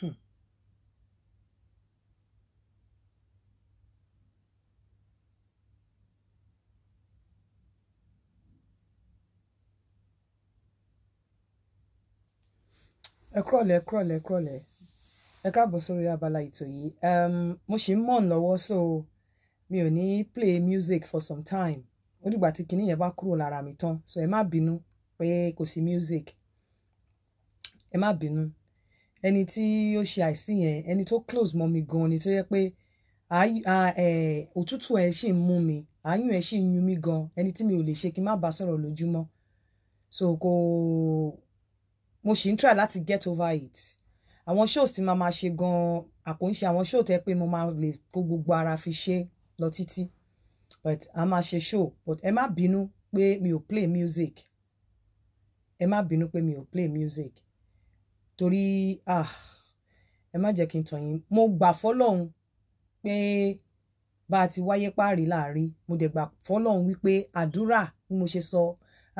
Hmm. ẹ kúrọ̀lẹ́ ẹ kúrọ̀lẹ́ ẹ kúrọ̀lẹ́ ẹ káàbọ̀ sórí abala ètò yìí mo ṣì ń mọ̀ lọ́wọ́ so mi ò ní play music for some time ó dìgbà tí kinní yẹn bá kúrò lára mi tán so ẹ má bínú pé kò sí music ẹ má bínú ẹni tí ó ṣe àìsí yẹn ẹni tó close mọ́ mi gan ni tó yẹ pé òtútù ẹ̀ ṣì ń mú mi àáyùn ẹ̀ ṣì ń yún mi gan ẹni tí mi ò lè ṣe kí n má bá sọ̀rọ̀ lójúmọ́ so kò mo ṣì ń try láti get over it àwọn shows tí màá máa ṣe gan àkóńṣe àwọn show tó yẹ pé mo máa lè kó gbogbo ara fi ṣe lọ títí but a máa ṣe show but ẹ má bínú pé mi ò play music ẹ má bínú pé mi ò play music torí ah ẹ má jẹ́ kí n tàn yín mo gbà fọ́lọ́hún pé bá a ti wáyé páàrí láàrí mo dẹ̀ gbà fọ́lọ́hún wípé àdúrà ni mo ṣe sọ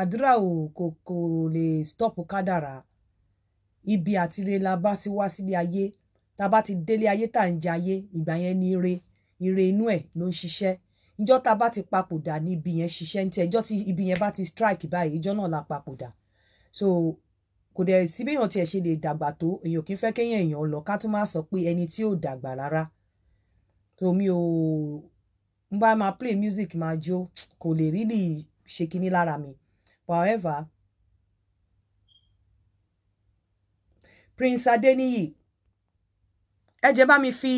àdúrà ò kò kò lè stop kádàrà ibi àti ire la bá sí wá sílé ayé tá a bá ti délé ayé tá à ń jẹ ayé ìgbà yẹn ni ire ire inú ẹ̀ ló ń ṣiṣẹ́ ìjọ́ tá bá ti papòdà ní ibi yẹn ṣiṣẹ́ ní tiẹ̀ ìjọ́ tí ibi yẹn bá ti strike báyìí ìjọ́ náà la papòdà so kò dẹ̀ sí béèyàn tiẹ̀ ṣe lè dàgbà tó èèyàn kì í fẹ́ kéèyàn èèyàn lọ ká tún máa sọ pé ẹni tí ò dàgbà rárá Tomi mi ò ń bá máa play music máa jó kò lè rí lè ṣe kinní lára mi however Prince Adeniyi ẹ jẹ́ bá mi fi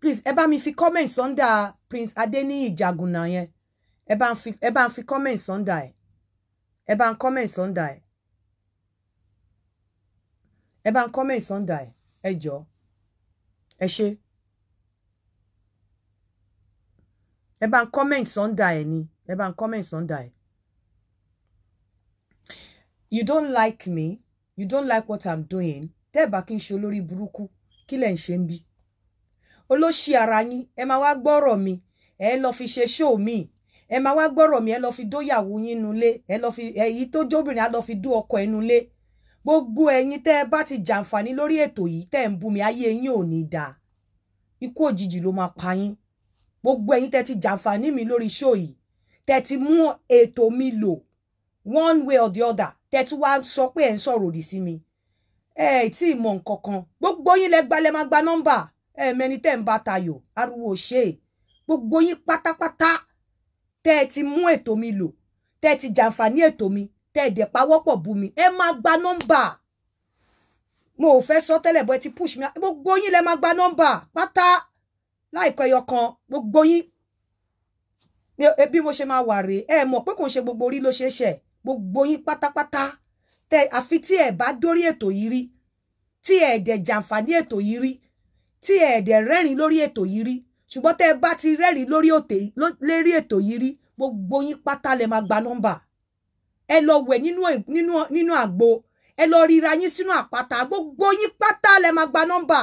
please ẹ bá mi fi comment sọ́ndà Prince Adeniyi Jaguna yẹn ẹ bá ń fi comment sọ́ndà ẹ ẹ bá ń comment sọ́ndà ẹ. ẹ bá ń comment sunday ẹ jọ ẹ ṣe ẹ bá ń comment sunday ẹ ni ẹ bá ń comment sunday you don't like me you don't like what i'm doing tẹ́ ẹ bá kí n ṣe olórí burúkú kí lẹ̀ ń ṣe ń bí olóṣì ara yín ẹ máa wá gbọ́rọ̀ mi ẹ lọ fi ṣe ṣóò míì ẹ máa wá gbọ́rọ̀ mi ẹ lọ fi dóyàwó yín nulẹ̀ ẹ lọ fi èyí tó jóbìnrin á lọ fi dó ọkọ ẹ nulẹ̀ gbogbo ẹ̀yin tẹ́ ẹ bá ti jàǹfààní lórí ètò yìí tẹ́ ẹ ń bú mi ayé yín ò ní dáa ikú òjijì ló máa pa yín gbogbo ẹ̀yin tẹ́ ti jàǹfààní mi lórí show yìí tẹ́ ti mú ètò mi lò one way or the other tẹ́ tún wá sọ pé ẹ̀ ń sọ̀rọ̀ òdì sí mi ẹ ẹ̀ tí ì mọ nǹkan kan gbogbo yín lẹ gba lẹ máa gba nọ́mbà ẹ mẹni tẹ́ ń bá tayò ariwo ṣe gbogbo yín pátápátá tẹ́ ti mú ètò mi lò tẹ́ ti jàǹfààní ètò mi tẹ̀dẹ̀ pawọ́pọ̀ bú mi ẹ máa gba nọ́mbà mo ò fẹ́ sọ tẹ́lẹ̀ bọ́ ẹ ti push mi gbogbo yín lẹ máa gba nọ́mbà pátá láìkọ ẹyọ kan gbogbo yín bí mo ṣe máa wà rèé ẹ mọ̀ pé kò ń ṣe gbogbo orí ló ṣe é ṣe gbogbo yín pátápátá tẹ àfi tí ẹ bá dórí ètò yìí rí tí ẹ dẹ̀ jàǹfààní ètò yìí rí tí ẹ dẹ̀ rẹ́rìn lórí ètò yìí rí ṣùgbọ́n tẹ bá ti rẹ́rìn lórí ètò yìí rí gbogbo yín pátá lẹ máa gba nọ́mbà ẹ lọ wẹ̀ nínú nínú nínú àgbo ẹ lọ rira yín sínú àpáta gbogbo yín pátá lẹ máa gba nọ́mbà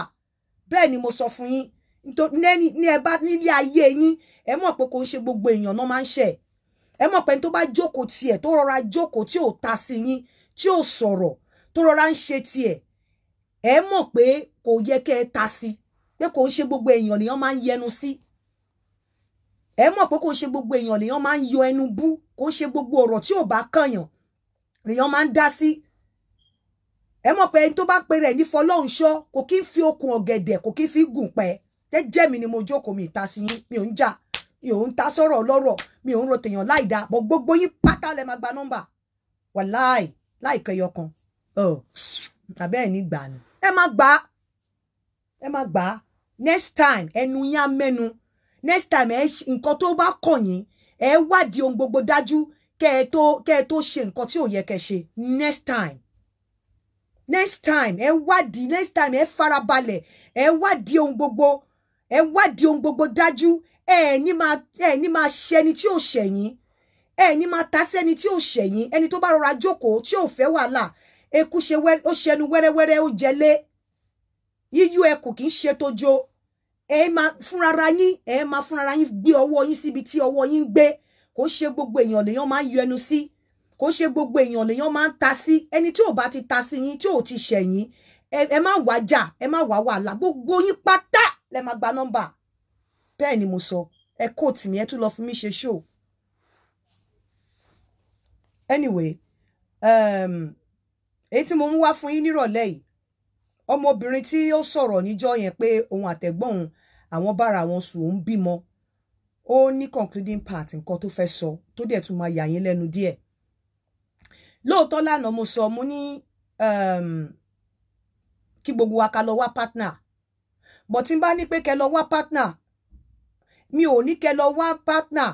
bẹ́ẹ̀ ni mo sọ fún yín nítorí ní ẹ bá nílé ayé yín ẹ mọ̀ pé kò ń ṣe gbogbo èèyàn náà máa ń ṣẹ̀ ẹ mọ̀ pé tó bá jókòó tiẹ̀ tó rọra jókòó tí ò ta sí yín tí ò sọ̀rọ̀ tó rọra ń ṣe tiẹ̀ ẹ mọ̀ pé kò yẹ kẹ́ ẹ ta sí pé kò ń ṣe gbogbo èèyàn nìyẹn máa ń yẹnu sí. Si ẹ mọ̀ pé kò ṣe gbogbo èèyàn lèèyàn máa ń yọ ẹnu bú kò ṣe gbogbo ọ̀rọ̀ tí ò bá kànyàn lèèyàn máa ń dá sí ẹ mọ̀ pé ẹni tó bá pe rẹ̀ ní fọlọ́hunṣọ́ kò kí ń fi okùn ọ̀gẹ̀dẹ̀ kò kí ń fi gùn pẹ́ jẹ́jẹ́ mi ni mo jókòó mi ìta sí yín mi ò ń jà mi ò ń ta sọ̀rọ̀ ọlọ́rọ̀ mi ò ń rotèèyàn láì dáa bọ̀ gbogbo yín pátá lẹ máa gba nọ́mbà wàláì láì kẹyọ kan àbẹ́ ẹ̀ ní gbà ni ẹ má gbà ẹ má gbà next time ẹnu yín á mẹ́nu next time ẹ nǹkan tó bá kàn yín ẹ wádìí ohun gbogbo dájú kẹ ẹ tó kẹ ṣe nǹkan tí ò yẹ kẹ ṣe next time next time ẹ wádìí next time ẹ farabalẹ̀ ẹ wádìí ohun gbogbo ẹ wádìí ohun gbogbo dájú ẹ ní máa ẹ ní máa ṣẹni tí ò ṣẹ̀yìn ẹ ní máa ta sẹ́ni tí ò ṣẹ̀yìn ẹni tó bá rọra jókòó tí ò fẹ́ wàhálà eku ṣe ó ṣẹnu wẹ́rẹ́wẹ́rẹ́ ó jẹlé yíyú ẹkù kì í ṣe tójó ẹ máa fúnrara yín ẹ máa fúnrara yín gbé ọwọ́ yín síbi tí ọwọ́ yín gbé kò ṣe gbogbo èèyàn lèèyàn máa ń yọ ẹnu sí kò ṣe gbogbo èèyàn lèèyàn máa ń ta sí ẹni tí ò bá ti ta sí yín tí ò ti ṣẹ̀yìn ẹ má wá jà ẹ má wá wàhálà gbogbo yín pátá lẹ máa gba nọ́mbà bẹ́ẹ̀ ni mo sọ ẹ kóòtù mi ẹ tún lọ fún mi ṣe ṣó anyway um, èyí tí mo mú wá fún yín nírọ̀lẹ́ yìí ọmọbìnrin tí ó sọ̀rọ̀ níjọ́ yẹn pé òun àtẹ̀gbọ́n òun àwọn bára wọn sùn òun bímọ ó ní concluding part nǹkan tó fẹ́ sọ tó dẹ̀ tún máa yà yín lẹ́nu díẹ̀ lóòótọ́ lánàá mo sọ mo ní um, kí gbogbo wa ká lọ wá partner bọ̀ tí n bá ní pé kẹ́ lọ wá partner mi ò ní kẹ́ lọ wá partner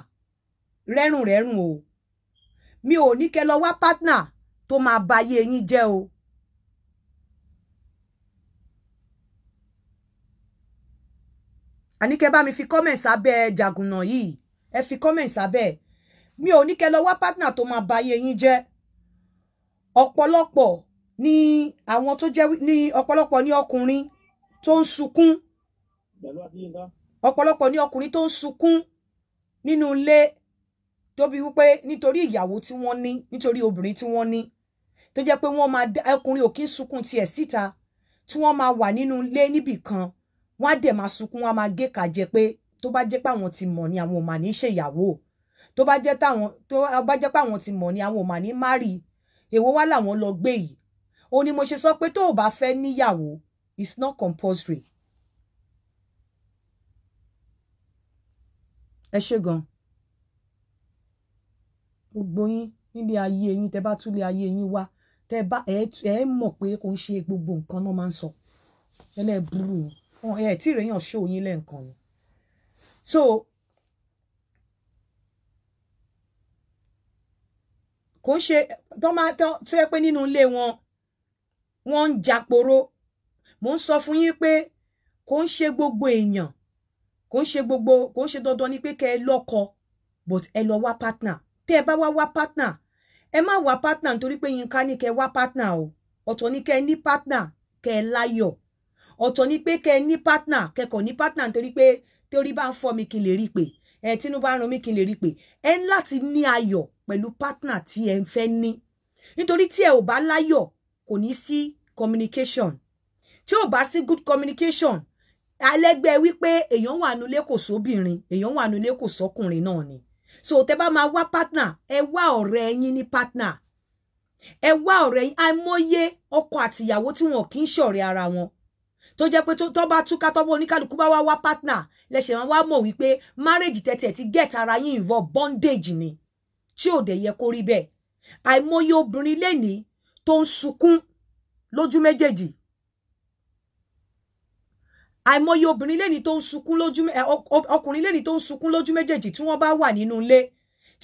rẹ́rùn rẹ́rùn o mi ò ní kẹ́ lọ wá partner tó máa bayé yín jẹ́ o àní kẹ́ bá mi fi comment sábẹ́ jàgùnà yìí ẹ fi comment sábẹ́ mi ò ní kẹ́ lọ wá partner tó máa ba ayé yín jẹ́ ọ̀pọ̀lọpọ̀ ni àwọn tó jẹ́ ní ọ̀pọ̀lọpọ̀ ní ọkùnrin tó ń sunkún ọ̀pọ̀lọpọ̀ ní ọkùnrin tó ń sunkún nínú ilé tóbi wípé nítorí ìyàwó tí wọ́n ní nítorí obìnrin tí wọ́n ní tó jẹ́ pé wọ́n máa ọkùnrin ò kí ń sunkún tiẹ̀ síta tí wọ́n máa wà nínú ilé níbì kan wọ́n á dẹ̀ máa sunkún wọ́n á máa gé kàjẹ pé tó bá jẹ́ pé àwọn ti mọ̀ ni àwọn ò mà ní ṣèyàwó tó bá jẹ́ táwọn tó bá jẹ́ pé àwọn ti mọ̀ ni àwọn ò mà ní márì èwo wá làwọn lọ gbé yìí ó ní mo ṣe sọ pé tó o bá fẹ́ níyàwó it's not compulsory. ẹ ṣe gan gbogbo yín nílé ayé yín tẹ bá túlé ayé yín wá tẹ bá ẹ mọ̀ pé kò ń ṣe gbogbo nǹkan náà máa ń sọ ẹlẹ́ẹ̀ burú o ẹ tí ìrẹ́yàn ṣó yín lẹ́ǹkan ni so kò ń ṣe tó máa tó yẹ pé nínú ilé wọn wọ́n ń jàporó mò ń sọ fún yín pé kò ń ṣe gbogbo èèyàn kò ń ṣe gbogbo kò ń ṣe dandan ni pé kẹ́ ẹ lọ́kọ but ẹ lọ wá partner tẹ́ ẹ bá wá wá partner ẹ má wá partner nítorí pé Yínká ní kẹ́ wá partner o ọ̀tọ̀ ní kẹ́ ní partner kẹ́ láyọ̀ ọ̀tọ̀ ni pé kẹ́ ẹ ní partner kẹ́kọ̀ọ́ ní partner nítorí pé torí bá ń fọ́ mi kí n lè rí pé ẹ tínú bá ń ran mi kí n lè rí pé ẹ ń láti ní ayọ̀ pẹ̀lú partner tí ẹ ń fẹ́ ní nítorí tí ẹ ò bá láyọ̀ kò ní sí communication tí ò bá sí good communication alẹ́gbẹ́ wípé èèyàn wà nulẹ̀ kò sóbìnrin èèyàn wà nulẹ̀ kò sọkùnrin náà ni so tẹ bá máa wá partner ẹ wá ọ̀rẹ́ yín ní partner ẹ wá ọ̀rẹ́ yín àìmọye ọkọ àtìyàwó tí wọn kì í ṣọ̀rẹ́ ara wọn tó jẹ́ pé tó bá túká tọ́wọ́ oníkálukú bá wá wá partner lẹ́sẹ̀ wọn wá mọ̀ wípé marriage tẹ̀tẹ̀ ti get ara yín involve bondage ni tí ò dẹ̀ yẹ kó rí bẹ́ẹ̀ àìmọye obìnrin lénìí tó ń sunkún lójú méjèèjì àìmọye obìnrin lénìí tó ń sunkún lójú ọkùnrin lénìí tó ń sunkún lójú méjèèjì tí wọ́n bá wà nínú ilé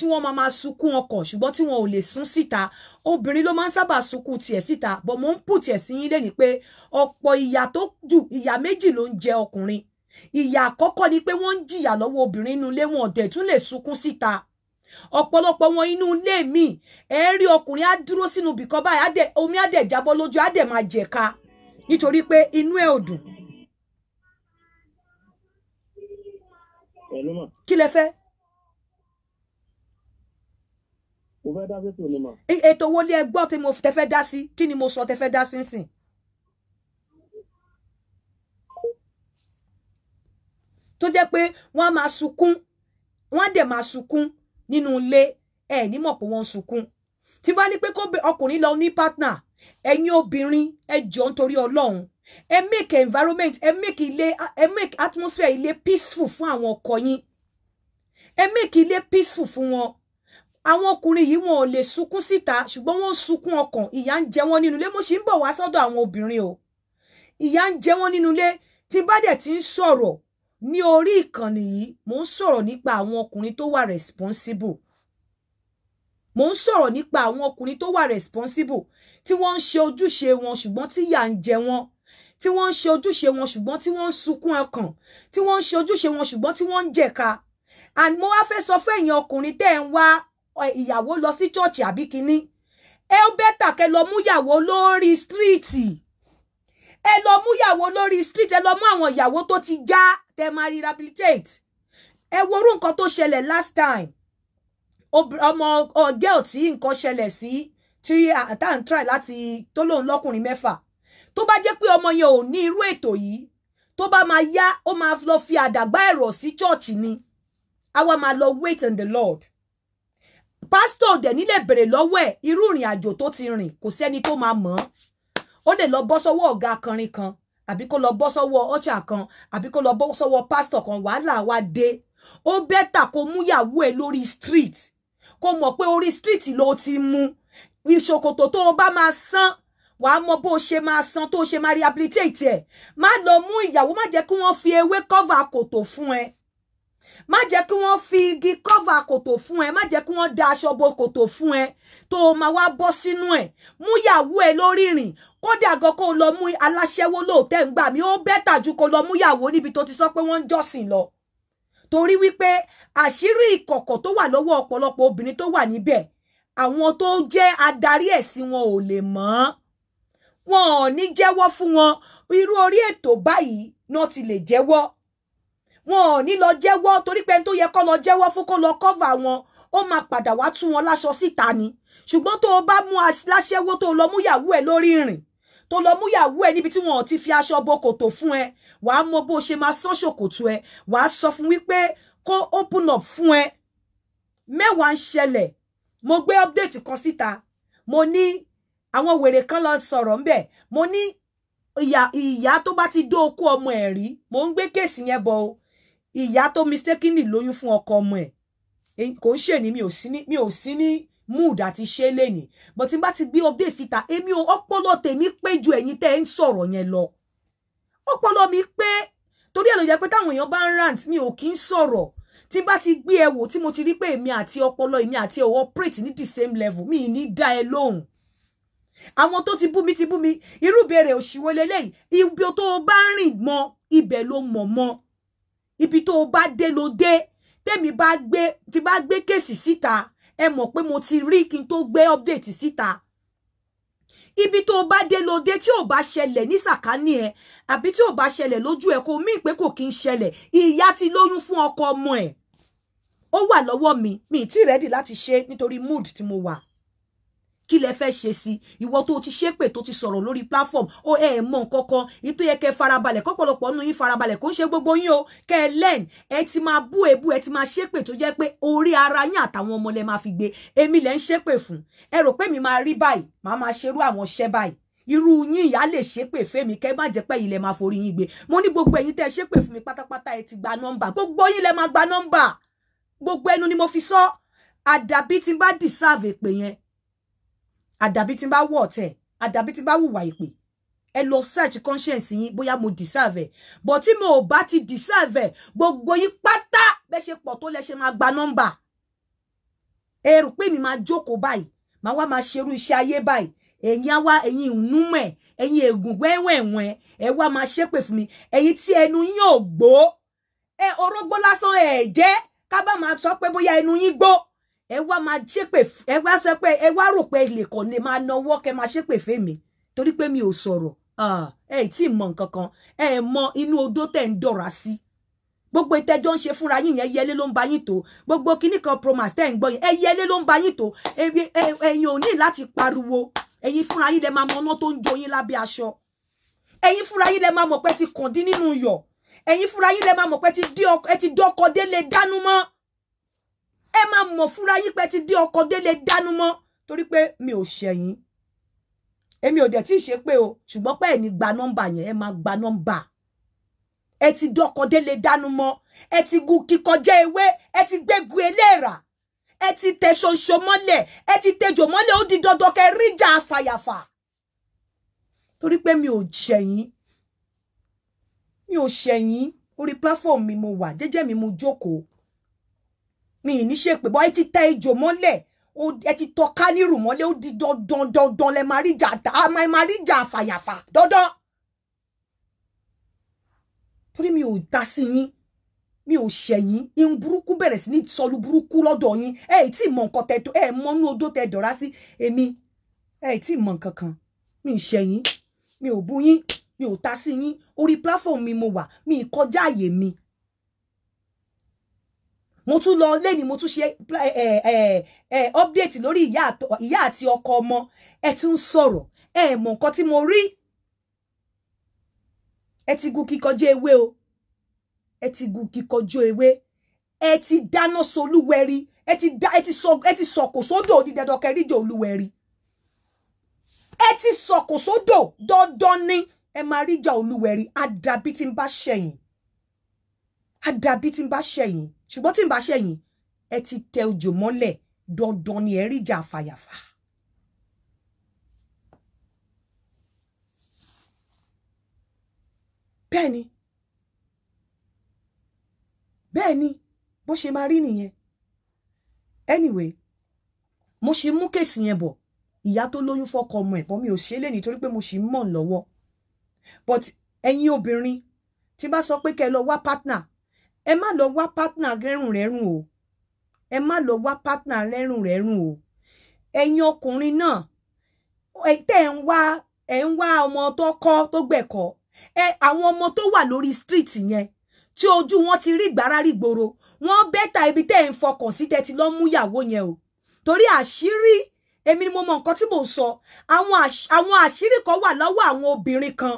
tí wọ́n máa máa sunkún ọkọ̀ ṣùgbọ́n tí wọn ò lè sún síta obìnrin ló máa ń sábà sunkún tiẹ̀ síta bọ̀ mo ń pù tiẹ̀ sí yín lẹ́ni pé ọ̀pọ̀ ìyà tó jù ìyà méjì ló ń jẹ ọkùnrin ìyà àkọ́kọ́ ni pé wọ́n ń jìyà lọ́wọ́ obìnrin inú ilé wọn ọ̀dẹ̀ tún lè sunkún síta ọ̀pọ̀lọpọ̀ wọn inú ilé mi ẹ rí ọkùnrin á dúró sínú ibìkan báyìí omi á dẹ̀ jábọ́ lójú á dẹ̀ máa jẹ̀ka nítorí pé inú ẹ̀ ò dùn. kí lẹ fẹ́. mo fẹ́ dá sí tò ní mà. ètò wo lé ẹgbọ́ tí mo tẹ fẹ́ dá sí kí ni mo sọ tẹ fẹ́ dá sí nsìn. tó jẹ́ pé wọ́n á máa sunkún wọ́n á dẹ̀ máa sunkún nínú ilé ẹ̀ nímọ̀ pé wọ́n sunkún tí bá ní pé kó ọkùnrin lọ ní partner ẹ̀yin obìnrin ẹ jọ nítorí ọlọ́run ẹ make environment ẹ make ilé ẹ make atmosphere ilé peaceful fún àwọn ọkọ yín ẹ make ilé peaceful fún wọn àwọn ọkùnrin yìí wọn ò lè sunkún síta ṣùgbọ́n wọ́n ń sunkún ọkàn ìyà ń jẹ wọ́n nínú ilé mo sì ń bọ̀ wá sọ́dọ̀ àwọn obìnrin o ìyà ń jẹ wọ́n nínú ilé tí bá dẹ̀ ti ń sọ̀rọ̀ ní orí ìkànnì yìí mò ń sọ̀rọ̀ nípa àwọn ọkùnrin tó wà responsible mò ń sọ̀rọ̀ nípa àwọn ọkùnrin tó wà responsible tí wọ́n ń ṣe ojúṣe wọn ṣùgbọ́n tí ìyà ń jẹ wọ́n tí wọ́n ń ṣe ojúṣe wọn ṣùgbọ́n tí wọ́n ń sunkún ọkàn tí wọ́n ń ṣe ojúṣe wọn ṣùgbọ́n tí wọ́n ń jẹ̀ka and mo wá fẹ́ sọ fún ẹ̀yin ọkùnrin tẹ́ ẹ̀ ń wá ìyàwó lọ sí chọ́ọ̀chì àbí kínní ẹ ó bẹ́tà kẹ lọ múyàwó lórí stíríìtì ẹ lọ múyàwó lórí stíríìtì ẹ lọ mú àwọn ìyàwó tó ti já tẹ máa rehabilitate ẹ worú nǹkan tó ṣẹlẹ̀ last time ọmọ ọgẹ́ ò tí nǹkan ṣẹlẹ̀ sí tí tá ń try láti tó lóun lọ́kùnrin mẹ́fà tó bá jẹ́ pé ọmọ yẹn ò ní irú ètò yìí tó bá máa yá ó máa lọ fi àdàgbà ẹ̀rọ sí chọ́ọ̀chì ni àwa máa lọ wait on the Lord pásítọ̀ òdẹ̀ nílẹ̀ bèrè lọ́wọ́ ẹ̀ irú ìrìn àjò tó ti rìn kò sẹ́ni tó máa mọ̀ ọ́ ó lè lọ bọ́ sọ́wọ́ ọ̀gá akọrin kan àbí kó lọ bọ́ sọ́wọ́ ọ̀chà kan àbí kó lọ bọ́ sọ́wọ́ pásítọ̀ kan wàhálà wa dé ó bẹ́tà kó mú yàwó lórí street kó mọ̀ pé orí street ló ti mú ìṣòkòtò tó o bá máa san wàá mọ bó ṣe máa san tó ṣe máa rehabilitate ẹ má lọ mú ìyàwó má jẹ́ kí wọ́n fi ewé cover kòtò fún ẹ má jẹ́ kí wọ́n fi igi kọ́va kòtò fún ẹ má jẹ́ kí wọ́n da aṣọ bo kòtò fún ẹ tó o máa wá bọ́ sínú ẹ̀ mú yàwó ẹ lórí rìn kódà gan kó o lọ mú aláṣẹ́wó lóòótẹ́ ń gbà mí ó bẹ́tà ju kó o lọ mú yàwó níbi tó ti sọ pé wọ́n ń jọ́sìn lọ torí wípé àṣírí ìkọ̀kọ̀ tó wà lọ́wọ́ ọ̀pọ̀lọpọ̀ obìnrin tó wà níbẹ̀ àwọn tó jẹ́ adarí ẹ̀sìn wọn ò lè mọ̀ wọn ò ní jẹ́wọ́ fún wọn irú orí ètò báyìí náà ti lè jẹ́wọ́ wọn ò ní lọ jẹ́wọ́ torí pé ẹni tó yẹ kó lọ jẹ́wọ́ fún kó lọ kọ́fà wọn ó máa padà wá tú wọn láṣọ síta ni ṣùgbọ́n tó o bá mú aláṣẹ́wó tó o lọ mú yàwó ẹ̀ lórí ìrìn tó lọ mú yàwó ẹ̀ níbi tí wọn ò ti fi aṣọ bo kòtò fún ẹ wàá mọ bó ṣe máa sán ṣòkòtò ẹ wàá sọ fún wípé kó open up fún ẹ mẹ́wàá ń ṣẹlẹ̀ mo gbé update kan síta mo ní àwọn wèrè kan lọ sọ̀rọ̀ ńbẹ̀ mo ní ìyá tó bá ti dó okú ọmọ ẹ̀ rí mò ń gbé kéèsì yẹn bọ̀ o ìyá tó mistakenly lóyún fún ọkọ ọmọ ẹ̀ kò ń ṣe ni mi ò sí ní mi ò sí ní mood àti ṣe lẹ́nìí but tí n bá ti gbé update síta èmi ò ọpọlọ tèmi pé ju ẹ̀yin tẹ́ ẹ ń sọ̀rọ̀ yẹn lọ ọpọlọ mi pé torí ẹ̀ ló jẹ́ pé táwọn èèyàn bá ń rant mi ò kí ń sọ̀rọ̀ tí bá ti gbé ẹ wò tí mo ti rí pé èmi àti ọpọlọ èmi àti ẹ operate ní the same level mi ní dá ẹ lóhùn àwọn tó ti bú mi ti bú mi irú ìbéèrè òṣìwọlé lẹ́yìn ibi tó bá ń rìn mọ́ ibẹ̀ ló mọ̀ mọ́ ibi tó o bá dé ló dé tèmi bá gbé tí bá gbé kéèsì síta ẹ mọ̀ pé mo ti rí kí n tó gbé update síta ibi tó o bá dé ló dé tí ò bá ṣẹlẹ̀ ní sàkání ẹ àbí tí ò bá ṣẹlẹ̀ lójú ẹ kò mí pé kò kí n ṣẹlẹ̀ ìyá ti lóyún fún ọkọ ọmọ ẹ̀ ó wà lọ́wọ́ mi mi ì tí rẹ́dì láti ṣe nítorí mood tí mo wà kí lẹ fẹ́ ṣe sí ìwọ tó ti ṣépè tó ti sọ̀rọ̀ lórí platform ó ẹ mọ nǹkan kan yìí tó yẹ kẹ́ farabalẹ̀ kọ́pọ̀lọpọ̀ nínú yín farabalẹ̀ kó ń ṣe gbogbo yín o kẹ́ ẹ lẹ́n ẹ ti máa bú èébú ẹ ti máa ṣépè tó jẹ́ pé orí ara yín àtàwọn ọmọ lẹ máa fi gbé èmi lẹ ń ṣépè fún ẹ rò pé mi máa rí báyìí màá máa ṣerú àwọn ṣẹ́ báyìí irú yín ìyá lè ṣépè fẹ́mi kẹ́ má jẹ́ pé ilẹ̀ máa forí yín gbé mo ní gbogbo ẹ̀yin tẹ́ ṣépè fún mi pátápátá ẹ ti gba nọ́mbà gbogbo yín lẹ máa gba nọ́mbà gbogbo ẹnu ni mo fi sọ àdàbí tí bá dìsáàvè pè yẹn àdàbí tí n bá wọ ọ̀tẹ̀ àdàbí tí n bá wùwà ìpè ẹ search conscience yín boya mo deserve ẹ but tí mo ò ti deserve ẹ gbogbo yín pátá bẹ́ ṣe pọ̀ tó lẹ ṣe máa gba nọ́mbà èrò pé mi máa jókòó báyìí máa wá máa ṣerú iṣẹ́ ayé báyìí ẹ̀yin àwa ẹ̀yin ìnúmọ̀ ẹ̀yin ègùn wẹ́wẹ̀wẹ́ ẹ wá máa ṣépè fún mi ẹ̀yin tí ẹnu yín ò gbó ẹ orógbó lásán ẹ̀ jẹ́ ká bá máa sọ pé bóyá ẹnu yín ẹ wá máa ṣépè ẹ wá sọ pé ẹ wá rò pé ilé kan lè máa nawọ́ kẹ máa ṣépè fèmí torí pé mi ò sọ̀rọ̀ ẹ ì tí ì mọ nǹkan kan ẹ mọ inú odó tẹ̀ ń dọ̀ra sí gbogbo ìtẹ́jọ́ ń ṣe fúnra yín yẹn yẹlé ló ń ba yín tó gbogbo kinní kan promax tẹ́ ń gbọ́ yẹn ẹ yẹlé ló ń ba yín tó ẹ̀yin ò ní láti pariwo ẹ̀yin fúnra yín lẹ máa mọ ọ̀nà tó ń jó yín lábẹ́ aṣọ ẹ̀yin fúnra yín lẹ máa mọ̀ pé ti kàn dín nínú yọ̀ ẹ̀yin fúnra yín lẹ máa mọ̀ pé ti dọ́kọ délé dánú mọ́ ẹ máa mọ̀ fúnra yín pé ti dé ọkọ̀ délé dánú mọ́ torí pé mi ò ṣẹ̀yìn èmi ò dẹ̀ tí ì ṣe pé o ṣùgbọ́n pé ẹ̀ ní gba nọ́mbà yẹn ẹ máa gba nọ́mbà ẹ ti dọkọ̀ délé dánú mọ́ ẹ ti gun kíkọjá ewé ẹ ti gbégun eléèrà ẹ ti tẹ ṣoṣo mọ́lẹ̀ ẹ ti tẹjọ mọ́lẹ̀ ó di dandan kẹ ríjà afàyàfà torí pé mi ò ṣẹ̀yìn mi ò ṣẹ̀yìn orí platform mi mo wà jẹ́jẹ́ mi mo jókòó mi ì ní ṣe pé bọ́ ẹ ti tẹ ejò mọ́lẹ̀ ẹ ti tọ kánírù mọ́lẹ̀ ó di dandan dandan lẹ máa rí jà á máa rí jà àfàyàfà dandan. torí mi ò dá sí yín mi ò ṣẹ̀yìn ihun burúkú bẹ̀rẹ̀ sí ní sọlù burúkú lọ́dọ̀ yín ẹ ì tí mọ nǹkan tẹ̀tọ́ ẹ mọ́nú odó tẹ dọ̀rá sí èmi ẹ ì tí mọ nǹkan mi ì ṣẹ̀yìn mi ò bú yín mi ò ta sí yín orí platform mi mo wà mi ì kọjá àyè mi mo tún lọ lẹ́ni mo tún ṣe eh, eh, eh, update lórí ìyá àti ọkọ ọmọ ẹ ti ń sọ̀rọ̀ ẹ mọ̀ nǹkan tí mo rí ẹ ti gun kíkọjọ ewé o ẹ ti gun kíkọjọ ewé ẹ ti dáná solúwẹ̀rí ẹ ti da ẹ ti sọ ẹ ti sọkò sódò dídẹdọ kẹríjọ ẹ ti sọkò sódò dandan ni ẹ máa ríjà olúwẹ̀rí àdàbí tí ń bá ṣẹ̀yìn àdàbí tí ń bá ṣẹ̀yìn ṣùgbọ́n tí n bá ṣẹ̀yìn ẹ ti tẹ òjò mọ́lẹ̀ dandan ni ẹ rí ìjà àfàyàfà. bẹ́ẹ̀ ni bó ṣe máa rí nìyẹn anyway mo ṣe mú kéèsì yẹn bọ̀ ìyá tó lóyún fọ́kọ ọmọ ẹ̀ bọ́ mi ò ṣe é lè nítorí pé mo ṣì ń mọ̀ lọ́wọ́ but ẹ̀yin obìnrin tí bá sọ pé kẹ́ ẹ lọ wá partner ẹ má lọ wá pátánà rẹ́rùn rẹ́rùn o ẹ má lọ wá pátánà rẹ́rùn rẹ́rùn o ẹ̀yin ọkùnrin náà tẹ́ ń wá ẹ̀ ń wá ọmọ tó kọ́ tó gbẹ̀kọ́ ẹ àwọn ọmọ tó wà lórí street yẹn tí ojú wọn ti rí gbàrà rí gbòòrò wọn bẹ́tà ibi tẹ́ ń fọkàn sí tẹ́tí lọ́ mú ìyàwó yẹn o torí àṣírí èmi ni mo mọ nǹkan tí mò ń sọ àwọn àṣírí kan wà lọ́wọ́ àwọn obìnrin kan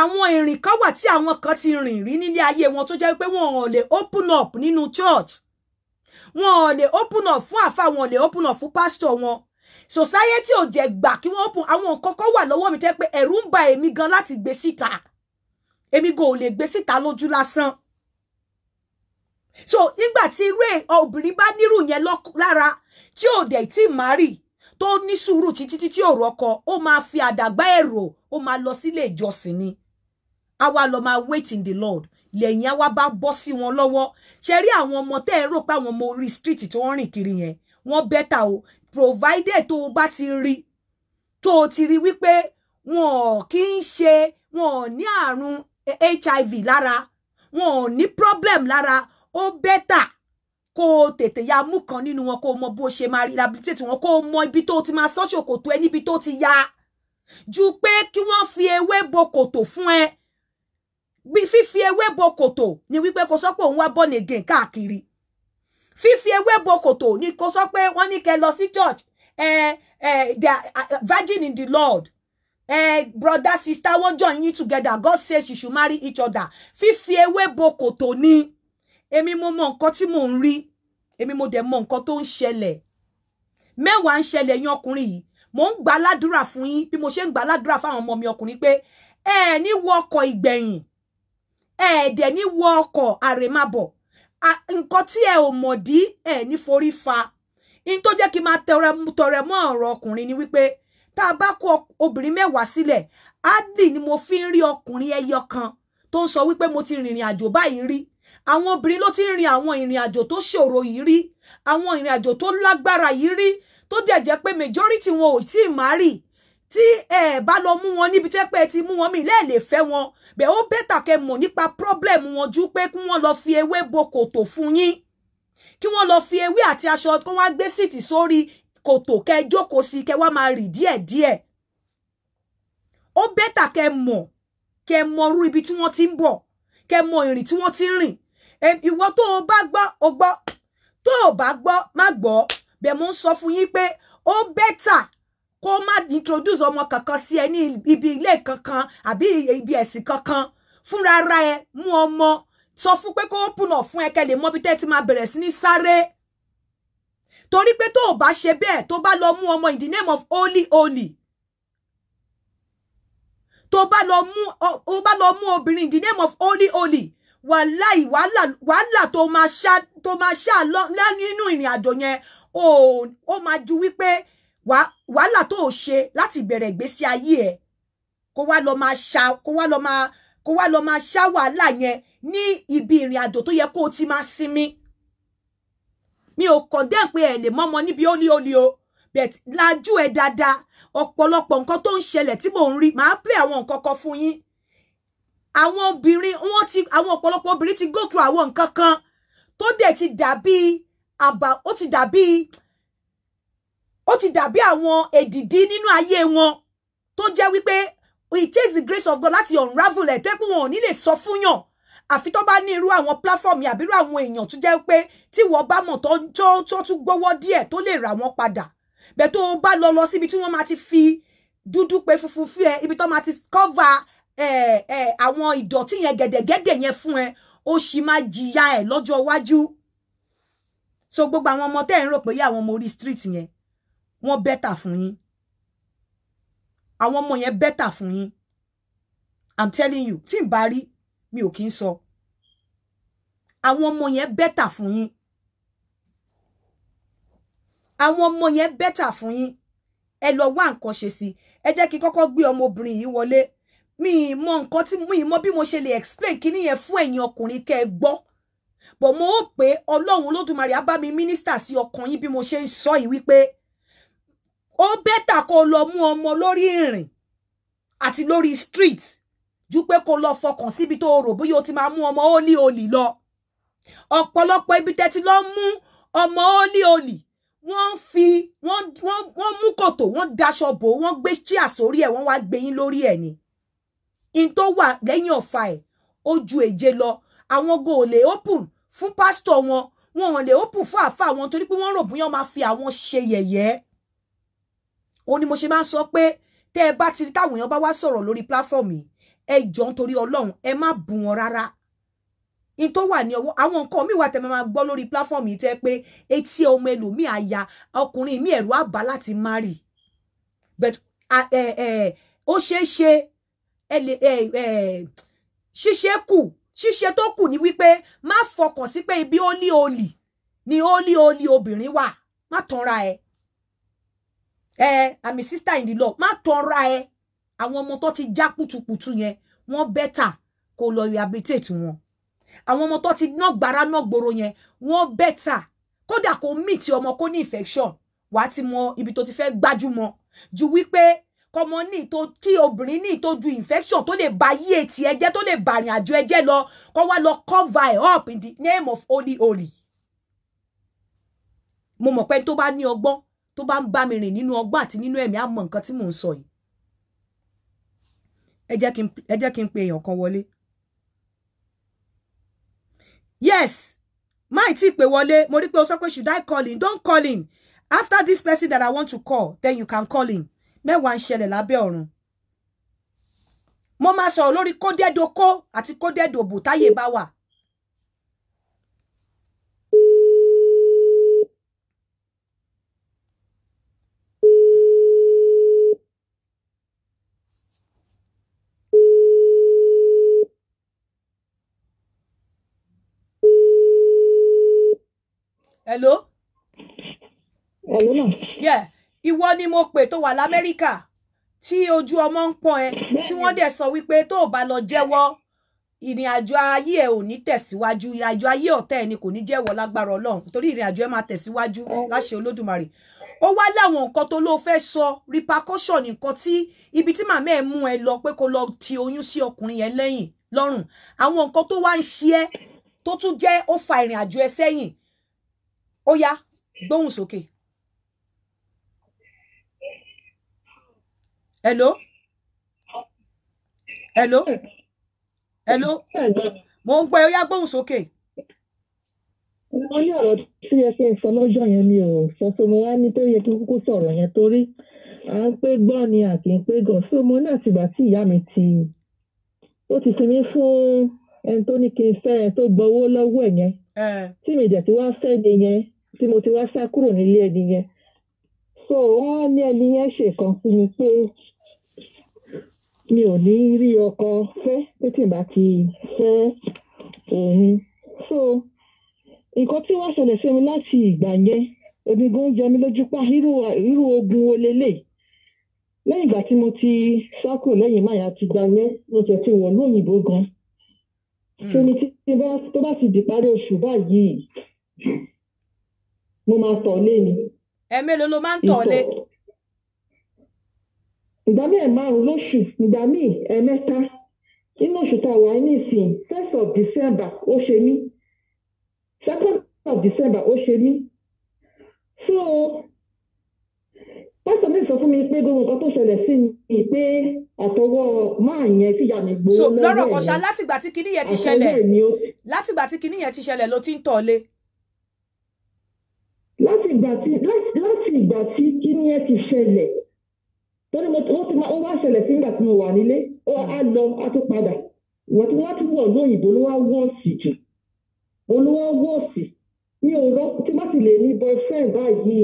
àwọn ìrìn kan wà tí àwọn kan ti rìn rí nílé ayé wọn tó jẹ́ pé wọn ò lè open up nínú church wọn ò lè open up fún àfa wọn ò lè open up fún pastor wọn society ò jẹ́ gbà kí wọ́n open àwọn nǹkan kan wà lọ́wọ́ mi tẹ́ pé ẹ̀rù ń ba èmi gan láti gbé síta èmi kò lè gbé síta lójú lásán so nígbà tí irú obìnrin bá nírú yẹn lára tí ò dẹ̀ tí màárì tó ní sùúrù títí títí òru ọkọ ó máa fi àdàgbà èrò ó máa lọ sílé ìjọsìn ni àwa lọ máa wait in the Lord lẹ́yìn àwa bá bọ́ sí wọn lọ́wọ́ ṣe rí àwọn ọmọ tẹ́ ẹ rò pé àwọn ọmọ orí street tó ń rìn kiri yẹn wọ́n bẹ́tà o provided tó o bá ti rí tó o ti rí wípé wọn ò kí ń ṣe wọn ò ní àrùn HIV lára wọn ò ní problem lára ó bẹ́tà kó o tètè ya mú kan nínú wọn kó o mọ bó ṣe máa rehabilitate wọn kó o mọ ibi tó ti máa sán ṣòkòtò ẹ níbi tó ti ya ju pé kí wọ́n fi ewé bo kòtò fún ẹ bí fífi ewé bo kòtò ni wípé kò sọ pé òun wá born again káàkiri fífi ewé bo kòtò ni kò sọ pé wọ́n ní kẹ́ lọ sí church ẹ ẹ the virgin in the Lord eh, brother sister wọ́n join you together God says you should marry each other fífi ewé bo kòtò ni èmi mo mọ nǹkan tí mò ń rí èmi mo dẹ̀ mọ nǹkan tó ń ṣẹlẹ̀ mẹ́wàá ń ṣẹlẹ̀ yín ọkùnrin yìí mò ń gbà ládùúrà fún yín bí mo ṣe ń gbà ládùúrà fáwọn ọmọ mi ọkùnrin pé ẹ ní wọ ọkọ̀ ìgbẹ̀yìn ẹ dẹ̀ ní wọ ọkọ̀ àrèmábọ̀ nǹkan tí ẹ ò mọ̀ dí ẹ ní forí fa in tó jẹ́ kí máa tọrẹ mọ́ ọ̀rọ̀ ọkùnrin ni wípé tá a bá kó obìnrin mẹ́wàá sílẹ̀ adley ni mo fi ń rí ọkùnrin ẹyọ kan tó ń sọ wípé mo ti rìnrìn àjò báyìí rí àwọn obìnrin ló ti ń rin àwọn ìrìn àjò tó ṣòro yìí rí àwọn ìrìn àjò tó lágbára yìí rí tó dẹ̀ jẹ́ pé majority wọn ò tí ì márì tí ẹ bá lọ mú wọn níbi tẹ́ pé ẹ ti mú wọn mi lẹ́ẹ̀lè fẹ́ wọn bẹ́ẹ̀ ó bẹ́tà kẹ́ mọ̀ nípa problem wọn ju pé kí wọ́n lọ fi ewé bo kòtò fún yín kí wọ́n lọ fi ewé àti aṣọ kó wá gbé síìtì sórí kòtò kẹ́ jókòó sí kẹ́ wá máa rì díẹ̀díẹ̀ ó bẹ́tà kẹ́ mọ̀ kẹ́ mọ irú ibi tí wọ́n ti ń bọ̀ kẹ́ mọ ìrìn tí wọ́n ti ń rìn ìwọ tó o bá gbọ́ o gbọ́ tó o bá gbọ́ má gbọ́ bẹ́ẹ̀ mo ń sọ fún yín pé ó bẹ́tà kó má introduce ọmọ kankan sí ẹ ní ibi ilé kankan àbí ibi ẹ̀sìn kankan fúnra ara ẹ mú ọmọ sọ fún pé kó open up fún ẹ kẹ́ lè mọ bí tẹ́ ti máa bẹ̀rẹ̀ sí ní sáré torí pé tó o bá ṣe bẹ́ẹ̀ tó bá lọ mú ọmọ in the name of holy holy tó bá lọ mú ó bá lọ mú obìnrin in the name of holy holy wàláì wàhálà tó máa ṣá tó máa ṣá nínú ìrìn àjò yẹn ó máa ju wípé wàhálà tó o ṣe láti bẹ̀rẹ̀ ìgbésí ayé ẹ̀ kó wá lọ máa ṣá kó wá lọ máa kó wá lọ máa ṣá wàhálà yẹn ní ibi ìrìn àjò tó yẹ kó o ti máa sinmi mi ò condemn pé ẹ lè mọ́mọ níbi ólíólí o but lajú ẹ dáadáa ọ̀pọ̀lọpọ̀ nǹkan tó ń ṣẹlẹ̀ tí mò ń rí màá play àwọn nǹkan kan fún yín àwọn obìnrin wọn ti àwọn ọ̀pọ̀lọpọ̀ obìnrin ti go through àwọn nǹkan kan tó dẹ̀ ti dàbí àbá ó ti dàbí ó ti dàbí àwọn èdìdí nínú ayé wọn tó jẹ́ wípé it takes the grace of God láti unravel ẹ̀ tẹ́kùn wọn ò ní lè sọ fún yàn àfi tó bá ní irú àwọn platform yìí àbírú àwọn èèyàn tó jẹ́ pé tí wọ́n bá mọ̀ tó tún gbówó díẹ̀ tó lè rà wọ́n padà bẹ́ẹ̀ tó bá lọ lọ síbi tí wọ́n máa ti fi dúdú pé funfun fún ẹ ibi tó máa ti cover àwọn ìdọ̀tí yẹn gẹ̀dẹ̀gẹ̀dẹ̀ yẹn fún ẹ ó sì máa jìyà ẹ lọ́jọ́ iwájú so gbogbo àwọn ọmọ tẹ́ ẹ̀ ń rò pé yá àwọn ọmọ orí street yẹn wọ́n bẹ́tà fún yín àwọn ọmọ yẹn bẹ́tà fún yín i'm telling you tí n bá rí mi ò kí ń sọ àwọn ọmọ yẹn bẹ́tà fún yín àwọn ọmọ yẹn bẹ́tà fún yín ẹ lọ wá nǹkan ṣe sí ẹ jẹ́ kí kọ́kọ́ gbé ọmọbìnrin yìí wọlé mi mọ nǹkan tí mi mọ bí mo ṣe lè explain kini yẹn fún ẹ̀yin ọkùnrin kẹ́ ẹ gbọ́ mo ó pé ọlọ́run olódùmarè á bá mi mínísítà sí ọkàn yín bí mo ṣe ń sọ yìí wípé ó bẹ́tà kó lọ mú ọmọ lórí ìrìn àti lórí street ju pé kó lọ fọkàn síbi tó rò bóyá o ti máa mú ọmọ ólì olì lọ ọ̀pọ̀lọpọ̀ ibi tẹ́tí lọ mú ọmọ ólì olì wọ́n fi wọ́n mú kòtò wọ́n daṣọ bò wọ́n gbé chíà sórí ẹ̀ wọ́n wá gbé yín lórí ẹ̀ ni in tó wà lẹ́yìn ọ̀fà ẹ̀ ó ju èje lọ go lè open fún pásítọ̀ wọn wọn ò lè open fún àfa wọn torí pé wọ́n rò bóyá máa fi àwọn ṣe yẹ̀yẹ́ ó ní mo ṣe máa ń sọ pé tẹ́ ẹ bá ti rí táwọn èèyàn bá wá sọ̀rọ̀ lórí platform yìí ẹ jọ nítorí ọlọ́run ẹ má bù wọn rárá in tó wà ní ọwọ́ àwọn nǹkan mi wà tẹ́ máa gbọ́ lórí platform yìí tẹ́ pé etí ọmọ ẹlòmíì àyà ọkùnrin mi ẹ̀rù àbá láti má rì but ó ṣeé ṣe ṣíṣe kù ṣíṣe tó kù ni wípé má fọkàn sí pé ibi ólí olì ni ólí olì obìnrin wà má tanra ẹ ẹ àmì sister in the law má tanra ẹ àwọn ọmọ tó ti já pùtùpùtù yẹn wọ́n bẹ́tà kó lọ rehabilitate wọn àwọn ọmọ tó ti ná gbàrà ná gbòòrò yẹn wọ́n bẹ́tà kódà kó mìtì ọmọ kó ní infection wàá ti mọ ibi tó ti fẹ́ gbájúmọ́ ju wípé kọmọ ní ìtò kí obìnrin ní ìtọ́jú infection tó lè ba yí etí ẹ̀jẹ̀ tó lè bàrìn àjò ẹ̀jẹ̀ lọ kó wá lọ cover it up in the name of holy holy. mo mọ̀ pé tó bá ní ọgbọ́n tó bá ń bá mi rìn nínú ọgbọ́n àti nínú ẹ̀mí á mọ nǹkan tí mò ń sọ yìí. ẹ jẹ́ kí n pe èèyàn kan wọlé. yes máì tí ì pè wọlé mo rí pé o sọ pé should I call him don't call him after this person that I want to call then you can call him mẹ́wàá ń ṣẹlẹ̀ lábẹ́ ọ̀run mo máa sọ̀rọ̀ lórí kódẹ́dokó àti kódẹ́dòbò táyé bá wà. Hello? Hello, ma. Yeah ìwọ ni mo pè tó wà lamẹ́ríkà tí ojú ọmọ ń pọ́n ẹ tí wọ́n dẹ̀ sọ wípé tó o bá lọ jẹ́wọ́ ìrìn àjò ayé ẹ ò ní tẹ̀síwájú ìrìn àjò ayé ọ̀tá ẹ ni kò ní jẹ́wọ́ lágbára ọlọ́run torí ìrìn àjò ẹ máa tẹ̀síwájú láṣẹ olódùmarè ó wá láwọn nǹkan tó ló fẹ́ sọ repercussion nǹkan tí ibi tí màmá ẹ mú ẹ lọ pé kó lọ ti oyún sí ọkùnrin yẹn lẹ́yìn lọ́rùn àwọn nǹkan tó wá ń ṣe ẹ tó tún jẹ́ ó fa ìrìn àjò ẹ sẹ́yìn ó yá gbóhùn sókè. Okay. hello hello hello mo ń gbọ́ ẹ ó yá gbóhùn sókè. mo ní ọ̀rọ̀ tí ẹ fi ń sọ lọ́jọ́ yẹn mi ò sọ pé mo wá ní pé ó yẹ kí kúkú sọ̀rọ̀ yẹn torí à ń pé gbọ́ ni à kì í pé gàn so mo ní àtìgbà tí ìyá mi ti ó ti sinmi fún ẹni tó ní kí n fẹ́ ẹ tó gbowó lọ́wọ́ ẹ̀ yẹn tí mi dẹ̀ ti wá fẹ́ ni yẹn tí mo ti wá sá kúrò nílé ẹni yẹn so wọ́n ní ẹni yẹn ṣèkan sí mi pé mi ò ní rí ọkọ fẹ́ pé tí n bá ti fẹ́ òun so nǹkan tí wọ́n ṣẹlẹ̀ sí mi láti ìgbà yẹn èmi gan jẹ mí lójú pa irú ogun wo lélẹ̀ lẹ́yìn ìgbà tí mo ti sákò lẹ́yìn máyà ti gbà yẹn mo tẹ̀ ti wọ̀ lóyìnbó gan ṣé hmm. ni tí tó bá ti dìparí oṣù báyìí mo máa tọ̀ lé ni. ẹ mélòó ló máa ń tọ̀ lé. ìtọ̀ ìgbà míì márùn lóṣù ìgbà míì ẹ̀ẹ̀mẹ́ta nínú oṣù tá a wà ní ìsìn first of december ó ṣe mí second of december ó ṣe mí so pásítọ̀ mi sọ fún mi pé gbogbo nǹkan tó ṣẹlẹ̀ sí mi pé àtọwọ́ máa yẹn tíyà mi gbowó lọ́wọ́ ẹ̀ so lọ́rọ̀ kan ṣá látìgbà tí kinní yẹn ti ṣẹlẹ̀ látìgbà tí kinní yẹn ti ṣẹlẹ̀ ló ti ń tọ̀lé. látìgbà tí kinní yẹn ti ṣẹlẹ̀ torí wọ́n ti máa ó wá ṣẹlẹ̀ sígbà tí mo wà nílé á hmm. lọ á tó padà wọ́n ti wá tún wọ̀ lóyìnbó ló wá wọ́ọ̀sì jù ló wá wọ́ọ̀sì mi ò rọ tí má ti lè ní boyfriend báyìí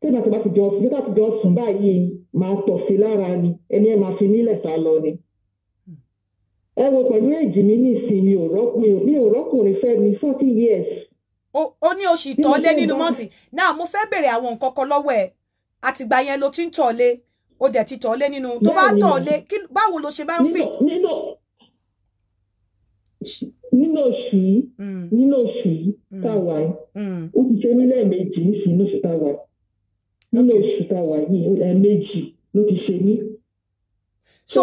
tẹ́lá tí má ti jọ sùn tẹ́lá ti jọ sùn báyìí máa tọ̀ sí lára ni ẹni ẹ máa fi nílẹ̀ sá lọ ni. Hmm. ẹ wo pẹ̀lú èjì mi nísìnyí mi ò rọ́kùnrin mi ò rọ́kùnrin fẹ́ mi forty years. ó ní oṣù ìtọ́lé nínú mọ́tì náà mo fẹ́ bèrè àwọn nǹkan kan lọ́wọ́ ẹ̀ àtìgbà yẹn ló ti ń tọ̀lé o dẹ̀ ti tọ̀ lé nínú tó bá tọ̀ lé báwo ló ṣe máa ń fì. nínú oṣù yìí hmm. nínú oṣù yìí hmm. tá a wà yìí hmm. ó ti ṣe mí lẹ́ẹ̀mejì nísìnyí lóṣù tá a wà yìí nínú oṣù tá yìí ẹ̀ẹ̀mejì ló ti ṣe mí. so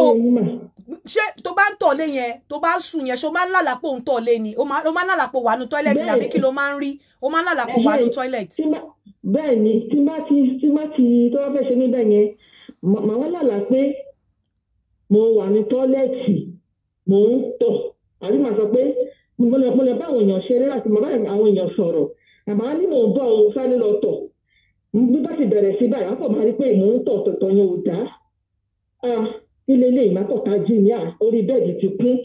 ṣé tó bá ń tọ̀ lé yẹn tó bá ń sùn yẹn ṣé o máa ń lálàpọ̀ ń tọ̀ lé ni o máa ń lálàpọ̀ wà nù tọ́ílẹ̀tì tàbí kí ló máa ń rí o máa ń lálàpọ̀ wà nù tọ́ílẹ̀tì. bẹ́ẹ̀ tí má ti tí má ti tó bá fẹ́ yẹn màá wá lálàá pé mo wà ní tọ́lẹ́ẹ̀tì mo ń tọ̀ àbí màá sọ pé mo bá àwọn èèyàn ṣeré àti àwọn èèyàn sọ̀rọ̀ àmọ́ ní mò ń bọ̀ òun sáré lọ tọ̀ bí bá ti bẹ̀rẹ̀ sí báyìí rí pé mò ń tọ̀ tọ̀tọ̀ yẹn ò dá ilé ilé ìmákọ̀tà jí à bẹ́ẹ̀dì ti kún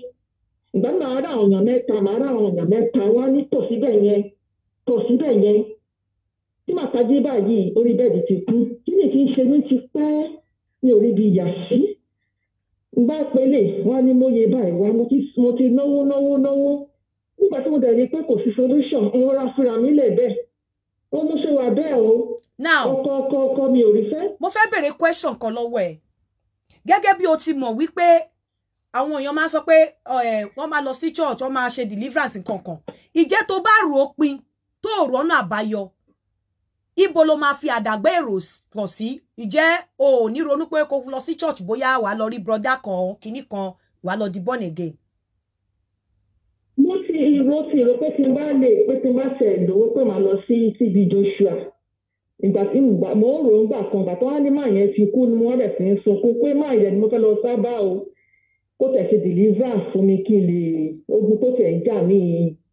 ìgbà máa rà àwọn èèyàn mẹ́ta wá ní mi ò ríbi yà sí bá pélé wọn ní mo yẹ báyìí wá mo ti náwó náwó náwó nígbà tí mo dẹ̀ rí pé kò sí solution mo ra fúnra mi lè bẹ́ẹ̀ wọ́n mú ṣe wà bẹ́ẹ̀ o ọkọ ọkọ ọkọ mi ò rí fẹ́. mo fẹ́ bèrè question kan lọ́wọ́ ẹ̀ gẹ́gẹ́ bí o ti mọ̀ wípé àwọn èèyàn máa ń sọ pé eh, wọ́n máa lọ sí church wọ́n máa ṣe deliverance nǹkan kan ìjẹ́ tó bá rò ó pin tó rọ́nà àbáyọ ibo ló máa fi àdàgbé èrò pọ̀ sí ìjẹ́ o ò ní ronú pé kó lọ church boya wa lọ rí brother kan kini kan wàá lọ di born again. mo ti ro ti ro pé tí n bá lè pé tí n bá ṣe ìdòwò pé màá lọ sí tb joshua ìgbà tí mo ń rò kan bàtà wá ní máa yẹn ti kú ni mo rẹ̀ sí ń sunkún pé máa yẹn ni mo fẹ́ lọ sábà o kó tẹ̀ ṣe deliverance fún mi kí n lè ogun tó tẹ̀ ń jà mí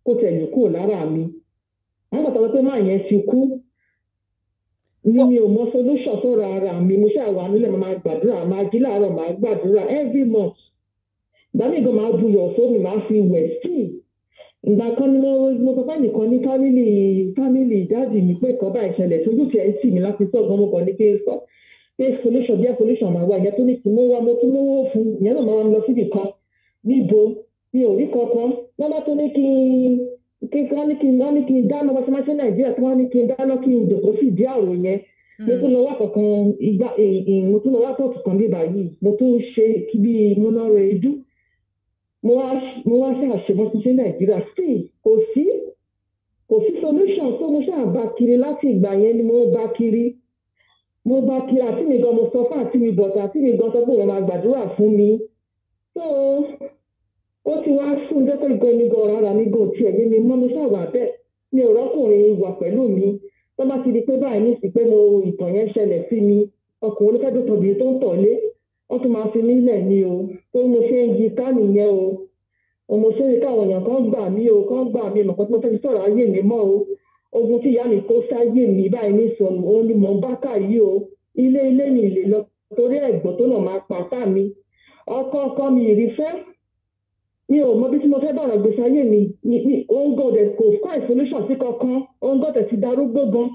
kó tẹ̀ lè kúrò mi. àwọn bàtà pé máa yẹn ti kú mi mi mọ solution ra ara mi mo ṣáà wà nílẹ̀ máa gbàdúrà máa jí láàárọ̀ máa gbàdúrà every month gbàmígan máa buyọ̀ sómi máa fi wẹ̀ still ìgbà kan ni mo mo papa nìkan ní fámìlì fámìlì dáàdì mi pé kọ́ bá ìṣẹ̀lẹ̀ tójú tiẹ̀ ń mí láti sọ sọ pé solution jẹ́ solution máa wá ìyá tó ní kí wá mo tún lọ síbì kan níbo mi ò rí kankan tó kí wọ́n ní kí wọ́n ní kí n dáná bá ṣe máa ṣe nàìjíríà tí wọ́n ní kí n dáná kí n dòkó sí ìdí àrò yẹn hmm. mo tún lọ wá kankan ìgbà mo tún lọ wá tọ̀tù kan bíbá yìí mo tún ṣe kí bí múná rẹ dú mo wá ṣe àṣebọ́ sí ṣe nàìjíríà sí kò sí kò sí solution tó mo ṣáà bá kiri láti ìgbà yẹn ni mo bá kiri mo bá kiri àti mi gan mo sọ fún àti mi bọ̀tà àti mi gan sọ pé òun máa gbàdúrà fún mi ó ti wá fún jẹ́ pé gọmigọ rárá ní gò tiẹ̀ yé mi mọ́ mi ṣàwà bẹ́ẹ̀ mi ò rọ́kùnrin wà pẹ̀lú mi tó bá ti di pé báyìí ní sí pé mo ìtàn yẹn ṣẹlẹ̀ sí mi ọkùnrin olùkẹ́dùn tọ̀bìrì tó ń tọ̀lé wọ́n tún máa fi nílẹ̀ ni o tó mo ṣe ń yí ká nìyẹn o òmò ṣe ń káwọn èèyàn kan gbà mí o kan gbà mí mọ̀kàn tí mo fẹ́ fi sọ̀rọ̀ ayé mi mọ́ o ogun tí ìyá mi kó sáyé mi báyìí ní sọ òun ni mò ń bá kà yí o ilé ilé mi lè lọ torí ẹ̀gbọ́n tó náà máa pa tá mi ọkọ ọkọ mi ìrí fẹ́ mi ò mọ bí tí mo fẹ́ bọ̀rọ̀ gbèsè ayé mi òun gan ọ̀dẹ̀ kò kọ́ ìsolúṣàn sí kankan òun gan ọ̀dẹ̀ ti darúgbó gan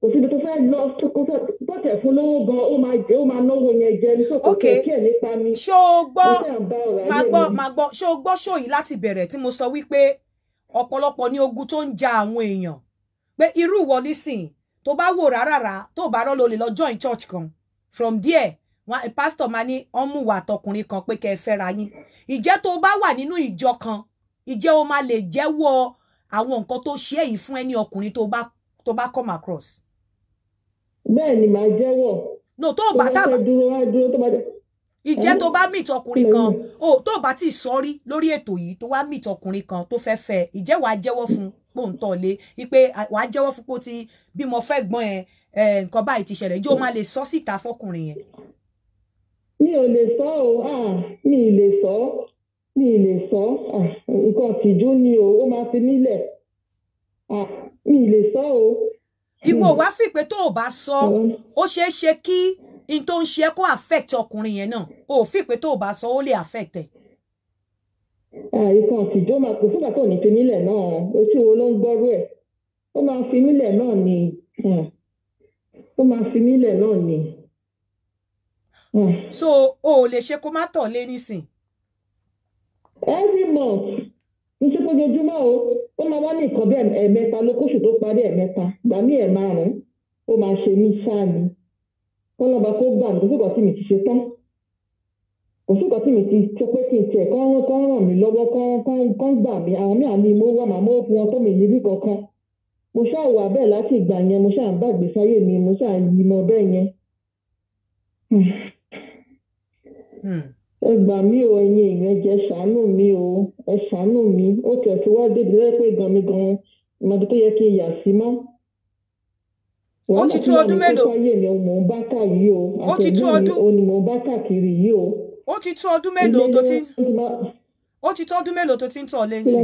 kò síbi tó fẹ́ lọ kó fẹ́ bọ́tẹ̀ fún lówó gan ó máa jẹ́ ó máa náwó yẹn jẹ ní sókè kí ẹ̀ nípa mi. ṣó o gbọ́ máa gbọ́ máa gbọ́ ṣó o gbọ́ ṣó yìí láti bẹ̀rẹ̀ tí mo sọ wípé ọ̀pọ̀lọpọ̀ ní ogun tó ń ja àwọn èèyàn pé irú ìwọ nísìn tó bá wò rárá tó bá rọ́ lo lè lọ join church kan from there pásítọ̀ máa ní ọ́n mú wà tọkùnrin kan pé kẹ́ ẹ fẹ́ra yín ìjẹ́ tó bá wà nínú ìjọ kan ìjẹ́ o máa lè jẹ́wọ́ àwọn nǹkan tó ṣe èyí fún ẹni ọkùnrin tó bá tó bá come across. bẹ́ẹ̀ ni màá jẹ́wọ́. no tó bá tábà ìjẹ́ tó bá meet ọkùnrin kan o tó bá ti sọrí Lori ètò yìí tó wá meet ọkùnrin kan To fẹ́ fẹ́ ìjẹ́ wàá jẹ́wọ́ fún pòǹtọ̀ lé wípé wàá jẹ́wọ́ fún pé ó ti bímọ fẹ́ gbọ́n ẹ nǹkan báyìí ti ṣẹlẹ̀ jẹ́ o máa lè sọ síta fọkùnrin yẹn mi ò lè sọ o mi ì lè sọ mi ì lè sọ nǹkan tìjú ni o ó máa fi nílẹ̀ mi ì lè sọ o. ìwọ wá fi pé tó o bá sọ ó ṣeé ṣe kí n tó ń ṣe kó affect ọkùnrin yẹn náà o ò fi pé tó o bá sọ ó lè affect ẹ. nǹkan tìjú máa kó fúnpa tó ní fi nílẹ̀ náà etí wo ló ń gbọ́rú ẹ̀ ó máa fi nílẹ̀ náà ni hm. ó máa fi nílẹ̀ náà ni. Hmm. so o ò lè ṣe kó má tọ̀ lé nísìn. every month iṣẹ́ fojoojúmọ́ o ó o o ní nǹkan bí ẹ̀ẹ̀mẹ́ta lókóṣù tó parí ẹ̀ẹ̀mẹ́ta gbà mí ẹ̀ márùn-ún ó o ṣe mí ṣáà ni kó lọ́ba kó gbà mí kó sì kọ́ tí mi ti ṣe tán kò sí ìkọ́tí mi ti tó pé kí n tiẹ̀ kán kán ràn mí lọ́wọ́ kán kán kán gbà mí àwọn míì àní mo wà màmá òfin wọn tó mi níbí kankan mo ṣáà wà bẹ́ẹ̀ láti ìgbà yẹn mo ṣáà ń bàgbé sáyé mi mo ṣáà yí mọ bẹ́ẹ̀ yẹn. Hmm. Hmm. ẹ gbà mí o ẹ̀yin èèyàn jẹ́ ṣàánú mi o ẹ ṣàánú mi ó tẹ̀ tí wá débi lọ́wọ́ pé gan mi gan ìmọ̀tò tó yẹ kí n yà sí mọ́. ó ti tó ọdún mélòó ó ti tó ọdún ó ní mò ń bá o. ó ti tó mélòó ó ti tó ọdún mélòó tó ti ń tọ̀ lé sí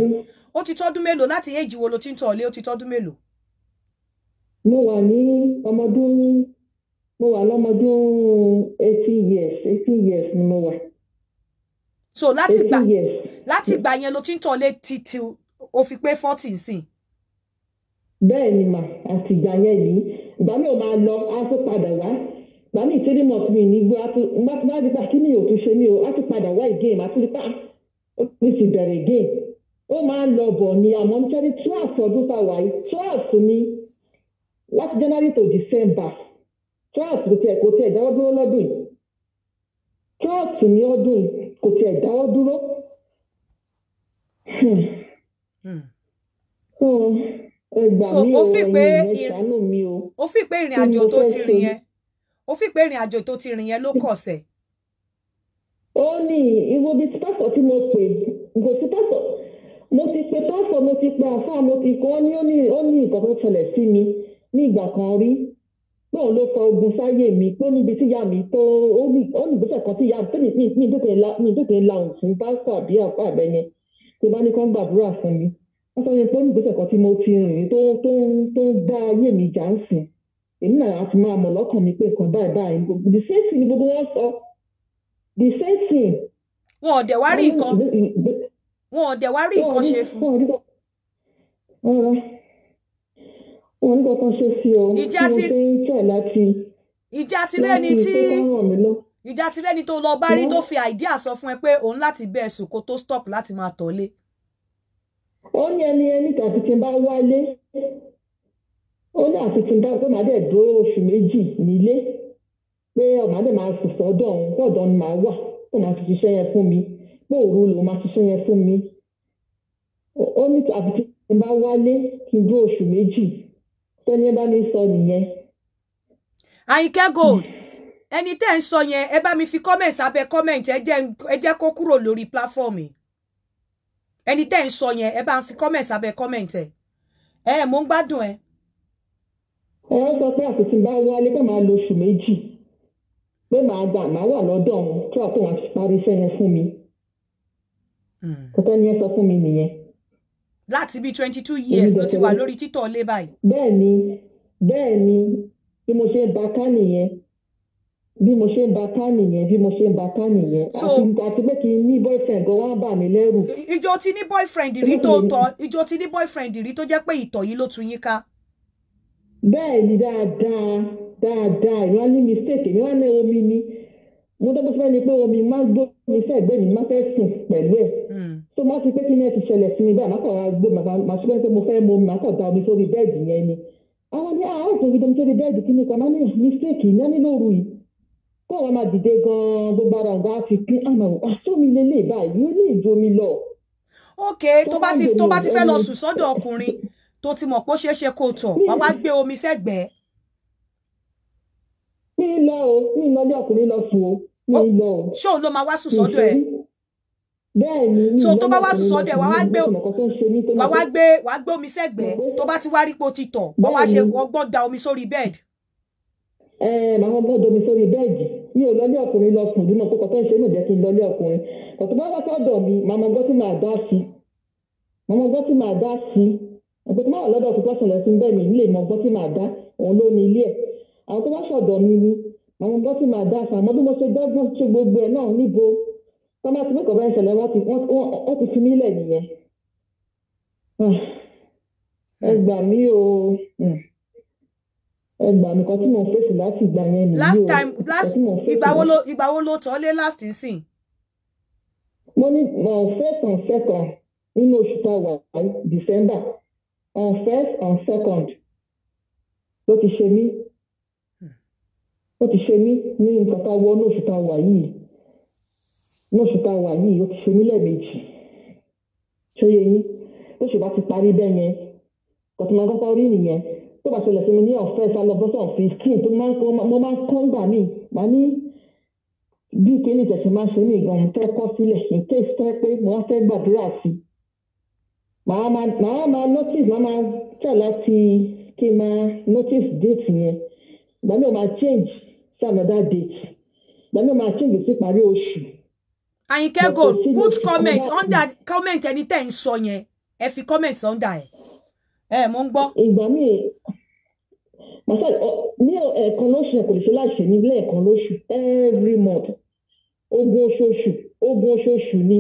ó ti tó ọdún mélòó láti èjì wo ló ti ń tọ̀ lé ó ti tó ọdún mélòó. mo wà ní ọmọdún mo wà lọ́mọdún eighteen years eighteen years ni mo wà. so láti gbà láti gbà yẹn ló ti ń tọ́lé títí o fi pé fourteen sí. bẹ́ẹ̀ ni mà àti ìgbà yẹn yìí ìgbà mi ò máa lọ á tún padà wá ìgbà mi ìtìrí mọ̀ mi nígbó á tún bá ti pa kí ni òtún ṣe mi o á tún padà wá again á tún rí pa ó ti bẹ̀rẹ̀ again ó máa ń lọ bọ̀ ni àmọ́ nítorí twelve ọdún tá a wà yìí twelve ni láti January to December church kò tiẹ̀ kò tiẹ̀ dáwọ́ dúró lọ́dún yìí church ní ọdún yìí kò tiẹ̀ dáwọ́ dúró. Hmm. Hmm. Hmm. so ó fi pé ó fi pé ìrìn àjò tó ti rìn yẹn ó fi pé ìrìn àjò tó ti rìn yẹn ló kọsẹ̀. ó ní ìwo bíi pásítọ̀ tí mo pè ìgò tí pásítọ̀ mo ti pe pásítọ̀ mo ti pe àfáà mo ti kọ́ ó ní ó ní nǹkan tó ṣẹlẹ̀ sí mi ní ìgbà kan rí bóun ló kọ ogun sáyé mi tó níbi tí ìyá mi tó ó ní ìgbésẹ̀ kan tí ìyá mi tó ní mi la mi dókè la òun fún pásítọ̀ àbí àpá àbẹ́yẹn tó bá ní kó ń gbàdúrà fún mi wọ́n sọ yẹn pé ó ní ìgbésẹ̀ kan tí mo ti rìn tó tó tó ń bá ayé mi jà ń sìn èmi náà a ti máa mọ̀ lọ́kàn mi pé nǹkan báyìí báyìí the same thing ni gbogbo wọn sọ the same thing. wọn ò dẹ̀ wá rí nǹkan wọn ò dẹ̀ wá rí nǹkan ṣe fún wọn ní kankan ṣe sí o ìjà ti mo ń tẹ̀ láti ìjà ti lẹ́ni tí ìjà tó lọ bá rí tó fi àìdíà sọ fún ẹ pé òun láti bẹ ẹ̀sùn kó tó stop láti máa tọ̀lé. ó ní ẹni ẹni tàbí tí n bá wálé ó ní àti tí n bá tó máa dẹ̀ dúró oṣù méjì nílé pé ọ̀mádé máa sùn sọ́dọ̀ òun lọ́dọ̀ ni màá wà tó máa fi ṣiṣẹ́ yẹn fún mi pé òru lòun máa ṣiṣẹ́ yẹn fún mi ó ní àti tí n bá wálé kí n dúró oṣù méjì torí ẹ bá mi sọ nìyẹn. àyìnkẹ́ gold ẹni tẹ́ ń sọ yẹn ẹ bá mi fi comment abe comment ẹ jẹ́ kó kúrò lórí platform ẹni tẹ́ ń sọ yẹn ẹ bá ń fi comment sábẹ́ comment ẹ ẹ mò ń gbádùn ẹ. ẹ sọ pé àtúntì bá kó máa lo oṣù méjì pé màá gbà màá wà lọ́dọ̀ wọn kí láti bíi twenty two years ló ti wà lórí títọ́ ilé báyìí. bẹ́ẹ̀ ni bẹ́ẹ̀ ni bí mo ṣe ń ba ká nìyẹn bí mo ṣe ń ba ká nìyẹn bí mo ṣe ń ba ká nìyẹn àti àti pé kí n ní boyfriend gan wá bà mí lẹ́rù. ìjọ ti ní boyfriend rí tó tọ ìjọ ti ní boyfriend rí tó jẹ́ pé ìtọ̀ yìí ló tún yín ká. bẹ́ẹ̀ ni dáadáa dáadáa ìwọ́n ní mistake ìwọ́n ní omi ni mo dọ́gbọ́n fẹ́ ni pé omi máa ń mi fẹ́ gbé mi má fẹ́ sùn pẹ̀lú ẹ̀ tó hmm. má ti pé kí ni ẹ ti ṣẹlẹ̀ sí mi báyìí má kàn ra gbé màá ṣe pé mo fẹ́ mo má kàn da omi sórí bẹ́ẹ̀dì yẹn ni àwọn ní àwọn òfin omi sórí bẹ́ẹ̀dì kí ni kan máa ní mistake ní á ní lóru yìí kó àwọn máa dìde gan-an gbogbo ara ọ̀gá ti pín ah, àmọ́ àsómi ah, lélẹ̀ báyìí ó ní ìjó mi lọ. ok tó bá ti tó bá ti fẹ́ lọ sùn sọ́dọ̀ ọkùnrin tó ti mọ̀ pé ó ṣeé ṣe kó tọ̀ wá wá gbé omi sẹ́gbẹ̀ẹ́. mi lọ o mi lọ ilé ọkùnrin lọ sùn o mi lọ. ṣé òun ló máa wá sùn sọ́dọ̀ ẹ̀. bẹ́ẹ̀ni mi so tó bá wá sùn sọ́dọ̀ ẹ̀ wàá wá gbé wàá wá gbé wàá gbé omi sẹ́gbẹ̀ẹ́ tó bá ti wá rí po ti tọ̀ wọ́n wá ṣe ọgbọ́n da omi sórí bẹ́ẹ̀dì. ẹ ẹ màá wọn gbọ́dọ̀ omi sórí bẹ́ẹ̀dì mi ò lọlé ọkùnrin lọ sùn dúnà tó kọ tó ń ṣe mí jẹ́ kí n lọlé ọkùnrin kọtù bá wá sọ́dọ̀ mi màmá gbọ́ tí màá dá sí màmá gbọ́ tí màá dá sí ọ̀pọ̀ tí màá wà lọ́dọ̀ tó tọ́sán lọ sí bẹ́ẹ̀ mi ilé màá gbọ́ tí màá dá òun ló ní ilé ẹ̀ àwọn tó bá sọ́dọ̀ mi ni àwọn bọ́sì máa dá sàn àmọ́ bí mo ṣe dọ́gbọ́n ṣe gbogbo ẹ̀ náà níbo tọ́mọ́ ti mẹ́kọ̀ọ́ bá ń ṣẹlẹ̀ wọ́n ti fi nílẹ̀ nìyẹn ah, ẹ gbà mí o hmm. ẹ gbà mí kan tí mo fèsì láti ìgbà yẹn nìyí o last time last ìgbà wo ló ìgbà wo ló tọ́ lé last nsìn. mo ní on uh, first and second nínú oṣù tá December on uh, first and second ló ti ṣe mí ó ti ṣe mí ní nǹkan tá a wọ nóòsù tá a wà yìí nóòsù tá a wà yìí ó ti ṣe mí lẹ́ẹ̀mejì ṣó yẹ yín tó ṣe bá ti parí bẹ́ẹ̀ yẹn kọ̀tùmọ̀ kọ́kọ́ rí nìyẹn tó bá ṣẹlẹ̀ sí mi ní ọ̀fẹ́ sálọ́bọ́sọ̀ fifteen tó mo máa ń kọ́ gbà mí màá ní bí kíní tẹ̀sí máa ṣe ní ìgbà yẹn fẹ́ kọ́ sílẹ̀ in case tẹ́ pé mo wá fẹ́ gbàdúrà sí màá máa notice màá máa tẹ̀ láti kí n máa notice date yẹn ìgbà mi máa change sí another date lẹ́nu máa change sí parí oṣù. àyìnkẹ́ gold put comment under comment ẹni tẹ́ ń sọ yẹn ẹ fi comment under ẹ̀ ẹ mo ń gbọ́. ìgbà míì masal ní ẹ̀ẹ̀kan lóṣù kò lè ṣe láṣẹ ní lẹ́ẹ̀kan lóṣù every month ogún oṣooṣù ogún oṣooṣù ni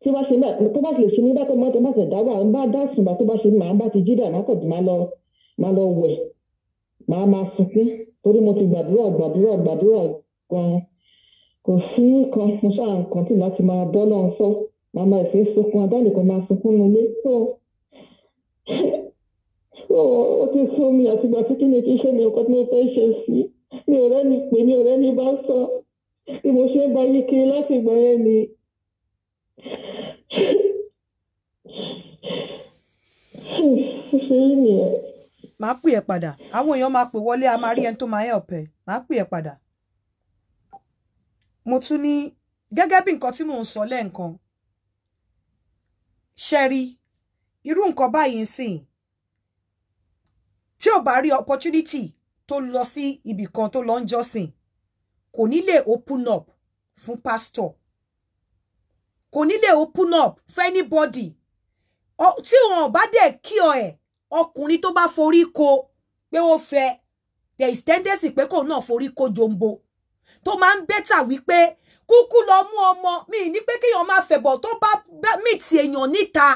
tí wọ́n ṣe ń bá tó bá ti lè ṣe mú dákọ̀ mọ́tò má ṣe dáwà ń bá dá sùn bá tó bá ṣe máa ń bá ti jí dà má kọ̀ má lọ wẹ̀ màá máa sunkún torí mo ti gbàdúrà gbàdúrà gbàdúrà gan-an kò sí kan mo ṣáà nǹkan tí láti máa bọ́ náà sọ màá máa ìfẹ́ sunkún adáàlì kan máa sunkún nulẹ̀ tó ó ti sún mi àtìgbà tí kí ni kí ṣe mi nǹkan tí mo fẹ́ ṣe sí mi ò rẹ́ni pè mi ò rẹ́ni bá sọ bí mo ṣe ń bá yí kiri láti ìgbà yẹn ni. ó ṣe é nìyẹn màá pè ẹ́ padà àwọn èèyàn máa pè wọlé a máa rí ẹni tó máa help ẹ màá pè ẹ́ padà. mo tún ní gẹ́gẹ́ bí nǹkan tí mò ń sọ lẹ́ǹkan ṣẹ́rí irú nǹkan báyìí ń sìn tí ò bá rí opportunity tó lọ sí ibì kan tó lọ ń jọ́sìn kò ní lè open up fún pastor kò ní lè open up fún anybody tí wọn ò bá dẹ̀ kí ọ ẹ̀ ọkùnrin tó bá forí ko pé ó fẹ́ there is tendency pé kò náà forí ko jombo tó máa ń bẹ́tà wípé kúkú lọ mú ọmọ mi ní pé kéèyàn máa fẹ̀bọ̀ tó bá mìtì èèyàn níta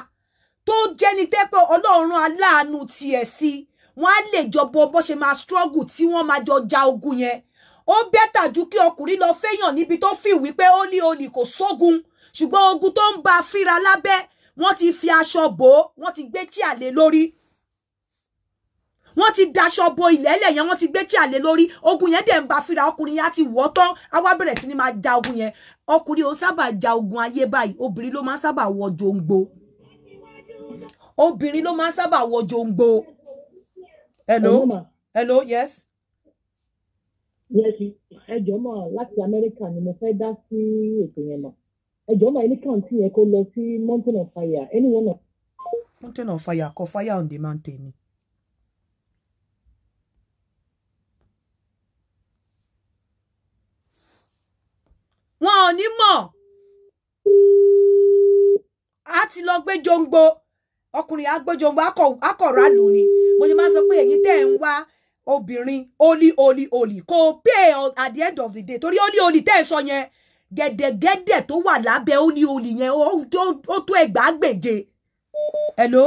tó jẹ́ni tẹ́ pé ọlọ́run aláàánú tiẹ̀ sí wọ́n á lè jọbọ bó ṣe máa struggle tí wọ́n máa jọ ja ogun yẹn ó bẹ́tà ju kí ọkùnrin lọ fẹ́yàn níbi tó fi wípé ó ní olè kò sógun ṣùgbọ́n ogun tó ń ba fíra lábẹ́ wọ́n ti fi aṣọ bò ó wọ́n ti gbé chíà lé lórí wọ́n ti daṣọ bo ilẹ̀ẹ́lẹ̀ yẹn wọ́n ti gbé tí àlè lórí ogun yẹn dẹ̀ ń bá fira ọkùnrin yẹn á ti wọ́ tán á wá bẹ̀rẹ̀ sí ni máa ja ogun yẹn ọkùnrin ò sábà ja ogun ayé báyìí obìnrin ló máa sábà wọ jòǹgbò obìnrin ló máa sábà wọ jòǹgbò. hello hello yes. yes ẹjọ́ mọ̀ láti amẹ́ríkà ni mo fẹ́ dá sí ètò yẹn mọ̀ ẹjọ́ mọ̀ ẹni kàǹtì yẹn kó lọ sí mountain of fire anyone of. mountain of fire kọ fire on the mountain ni. wọn ò ní mọ̀ a ti lọ gbé jongbo ọkùnrin agbójongbo akọ̀rọ̀ àlò ni mo ti máa sọ pé ẹ̀yin tẹ́ ẹ̀ ń wá obìnrin oli oli oli kò pé at the end of the day torí oli oli tẹ́ ẹ̀ sọ yẹn gẹ̀dẹ̀gẹ̀dẹ̀ tó wà lábẹ́ oli oli yẹn ó tó ẹgbàágbèje. hello.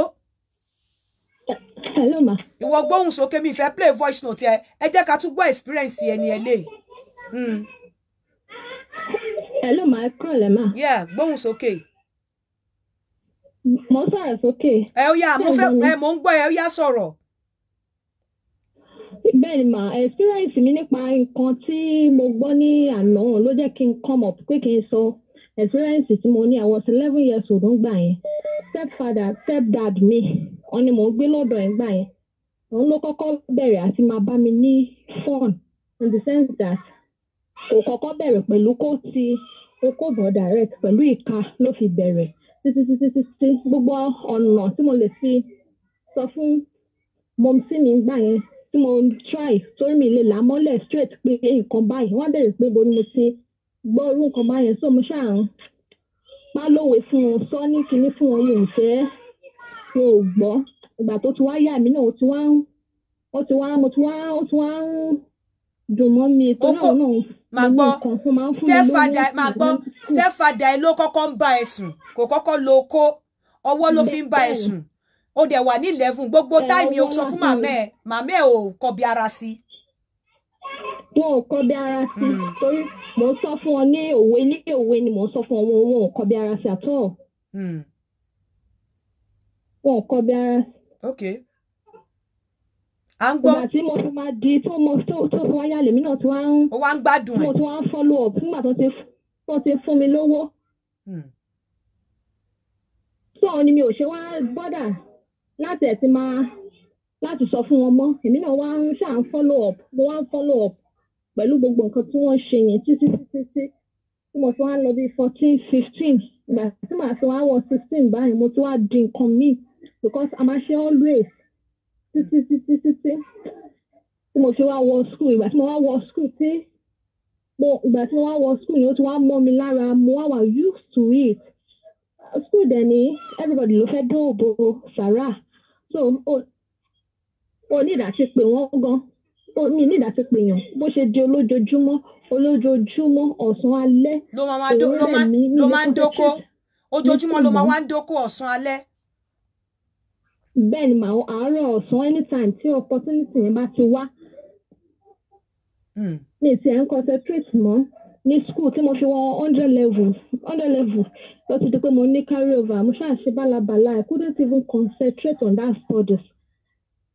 hello ma. ìwọ gbóhùn sókè mi ìfẹ́ play voice note ẹ ẹ jẹ́ ká tún gbọ́ experience ẹni ẹ léyìí. Hmm hello ma ẹ kúrò lẹ́ mà. yà gbóhùn sókè. mo sọ̀rọ̀ sókè. ẹ ó yá mo fẹ́ ẹ mo ń gbọ́ ẹ ó yá sọ̀rọ̀. bẹ́ẹ̀ ni mà experience mi nípa nǹkan tí mo gbọ́ ní àná ló jẹ́ kí n come up pé kí n sọ experience tí mo ní I was eleven years old ń gbà yẹn step father step dad mi wọn ni mò ń gbé lọ́dọ̀ ẹ̀ ń gbà yẹn òun ló kọ́kọ́ bẹ̀rẹ̀ àti máa bá mi ní phone in the sense that kò kọ́kọ́ bẹ̀rẹ̀ pẹ̀lú kó ti okó bọ̀ direct pẹ̀lú ìka ló fi bẹ̀rẹ̀ títí títí títí gbogbo ọ̀nà tí mo lè fi sọ fún mọ̀mísí mi gbà yẹn tí mo try torí mi lè là mọ́lẹ̀ straight pé nǹkan báyìí wọ́n bèrè pé bo ni mo ti gbọ́ irú nǹkan báyẹn so mo ṣáà ń pálówe fún wọn sọ ní kinní fún wọn yóò fẹ́ wọn ò gbọ́ ìgbà tó ti wá yà mí náà ó ti wá ó ti wá mo ti wá ó ti wá ń dùnmọ́ mi ètò náà náà máa gbọ́ stepfather máa gbọ́ stepfather ẹ ló kọ́kọ́ ń bá ẹ sùn kò kọ́kọ́ lo okó ọwọ́ ló fi ń bá ẹ sùn ó dẹ̀ wà ní eleven gbogbo táìmì o sọ fún màmá ẹ màmá ẹ ò kọbi ara sí. wọn ò kọbi ara sí hmm. torí mò ń sọ fún wọn ní òwe ní òwe ni mò ń sọ fún wọn wọn ò kọbi ara sí àtọ. Hmm. wọn ò kọbi ara sí à ń gbọ́. ìgbà tí mo ti máa di tó mo tó tó fi wáyà lèmi náà tí wọ́n ń. ó wá ń gbádùn ẹ̀. mo ti wá ń follow up nígbà tó ti tó ti fún mi lówó. tó hmm. àwọn ni mi ò ṣe wá bọ́dà láti ẹ̀ ti máa láti sọ fún wọn mọ́ èmi náà wá ń ṣáà ń follow up mo wá ń follow up pẹ̀lú gbogbo nǹkan tí wọ́n ṣe yẹn títí títí tí mo ti wá lọ bí fourteen fifteen ìgbà tí màá fi wá wọ sixteen báyìí mo ti wá di nǹkan míì because a máa ṣe always títí títí títí tí mo fi wá wọ skul ìgbà tí mo wá wọ skul tí mo ìgbà tí mo wá wọ skul yìí ó ti wá mọ́ mi lára mo wá wà used to it skul dẹ̀ ni everybody ló fẹ́ dóòbò sàrà so o ní ìdásí pé wọ́n gan o ní ní ìdásí pé yàn bó ṣe di olójoojúmọ́ olójoojúmọ́ ọ̀sán alẹ́ òwúrẹ̀ mi ní ilé kọ́ńtẹ́tì ojoojúmọ́ ló máa wá ń dóko ọ̀sán alẹ́ bẹ́ẹ̀ ni màá àárọ̀ ọ̀sán anytime tí opportunity yẹn bá ti wá. Hmm. mi ti ẹ̀ ń concentrate mọ́ ní school tí mo fi wọ́n hundred levels hundred levels ló ti di pé mo ní carry over mo ṣáà ṣe bálabàla I couldn't even concentrate on that studies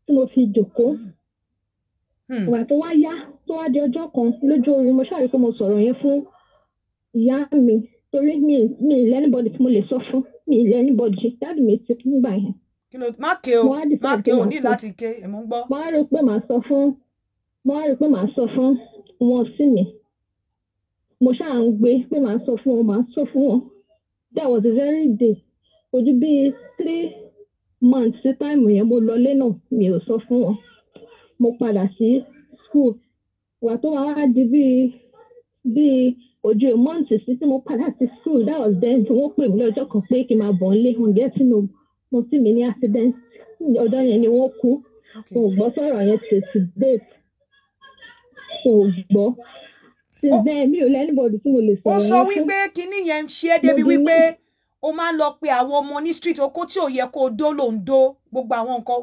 tí mo fi jókòó. Hmm. ìgbà tó wá yá tó wá di ọjọ́ kan lójú orí mo ṣáà rí pé mo sọ̀rọ̀ yẹn fún ìyá mi torí mi mi lẹ́nìbọ̀dì tí mo lè sọ fún mi lẹ́nìbọ̀dì dáàdì mi ti nígbà yẹn má ké o má ké o ní láti ké èmi ń gbọ́. mo rí pé màá sọ fún mo rí pé màá sọ fún wọn sí mi mo ṣáà ń gbé pé màá sọ fún wọn màá sọ fún wọn that was a very day ojú bíi three months sí táìmù yẹn mo lọlé náà mi ò sọ fún wọn mo padà sí school wà tó wá wá di bíi bíi ojú a month sí tí mo padà sí school that was then tí wọ́n pè mí lọ́jọ́ kan pé kí n máa bọ̀ ń lé wọn gẹ́tì náà mo tì mí ní accident ọjọ́ yẹn ni wọ́n kú mo gbọ́ sọ̀rọ̀ yẹn to to date mo gbọ́ since oh. then mi ò lẹ́nìbọ̀dì tí mo lè sọ̀rọ̀ yẹn fún. ó sọ wípé kinní yẹn ń ṣe débi wípé ó máa ń lọ pe àwọn ọmọ ní street oko tí ò yẹ kó o dó ló ń dó gbogbo àwọn nǹkan.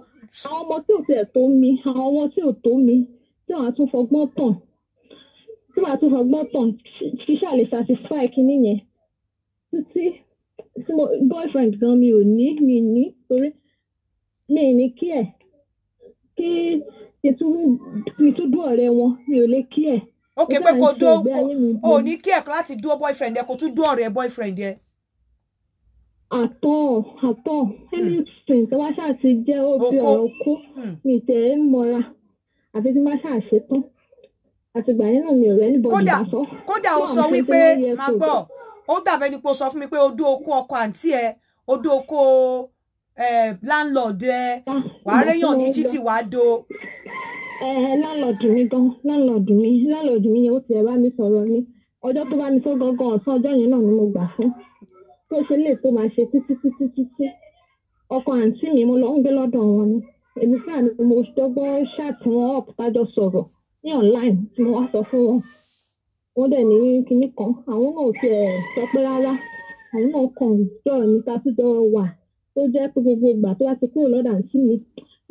àwọn ọmọ tí ò tiẹ̀ tó mi àwọn ọmọ tí ò tó mi tí wọ́n á tún fọgbọ́n tàn tí wọ́n á tún fọgbọ́n tàn kí ṣáà lè satisfy kinní yẹn títí tí mo boyfriend gan mi ò ní mi ní torí mi ní kí ẹ̀ kí ìtúndú ọ̀rẹ́ wọn mi ò lè kí ẹ̀. ok pé kò dó o ní kí ẹ̀ láti dó boyfriend ẹ kò tún dó ọ̀rẹ́ boyfriend ẹ. àtọ̀ àtọ̀ anything tó wá ṣáà ti jẹ́ obì ọ̀rọ̀ kú hmm. mi tẹ̀ ẹ́ mọ́ra àfi tí má ṣáà ṣe tán àtìgbà yẹn náà mi ò rẹ́ níbọn ìdásọ́. kódà ó sọ wípé máa gbọ́ ó dàbẹ́ ni pé o sọ fún mi pé odó oko ọkọ àǹtí ẹ odó oko landlord ẹ wàá réyàn ní títí wàá do. landlord mi gan landlord mi landlord mi yẹn ó ti bá mi sọ̀rọ̀ ni ọjọ́ sọ gangan ọ̀sán ọjọ́ yẹn náà ni mo gbà fún tó ṣe tó máa ṣe títí ọkọ àǹtí mi mo gbé lọ́dọ̀ wọn ni èmi mo dọ́gbọ́n ṣáàtì wọn ọ̀pọ̀ tájọ ní online sọ fún wọn wọ́n dẹ̀ ní kinní kan àwọn náà ṣe ẹ̀ sọ pé rárá àwọn náà kàn jọ níta síjọ wà tó jẹ́ pé gbogbo ìgbà tó bá ti kúrò lọ́dà àǹtí mi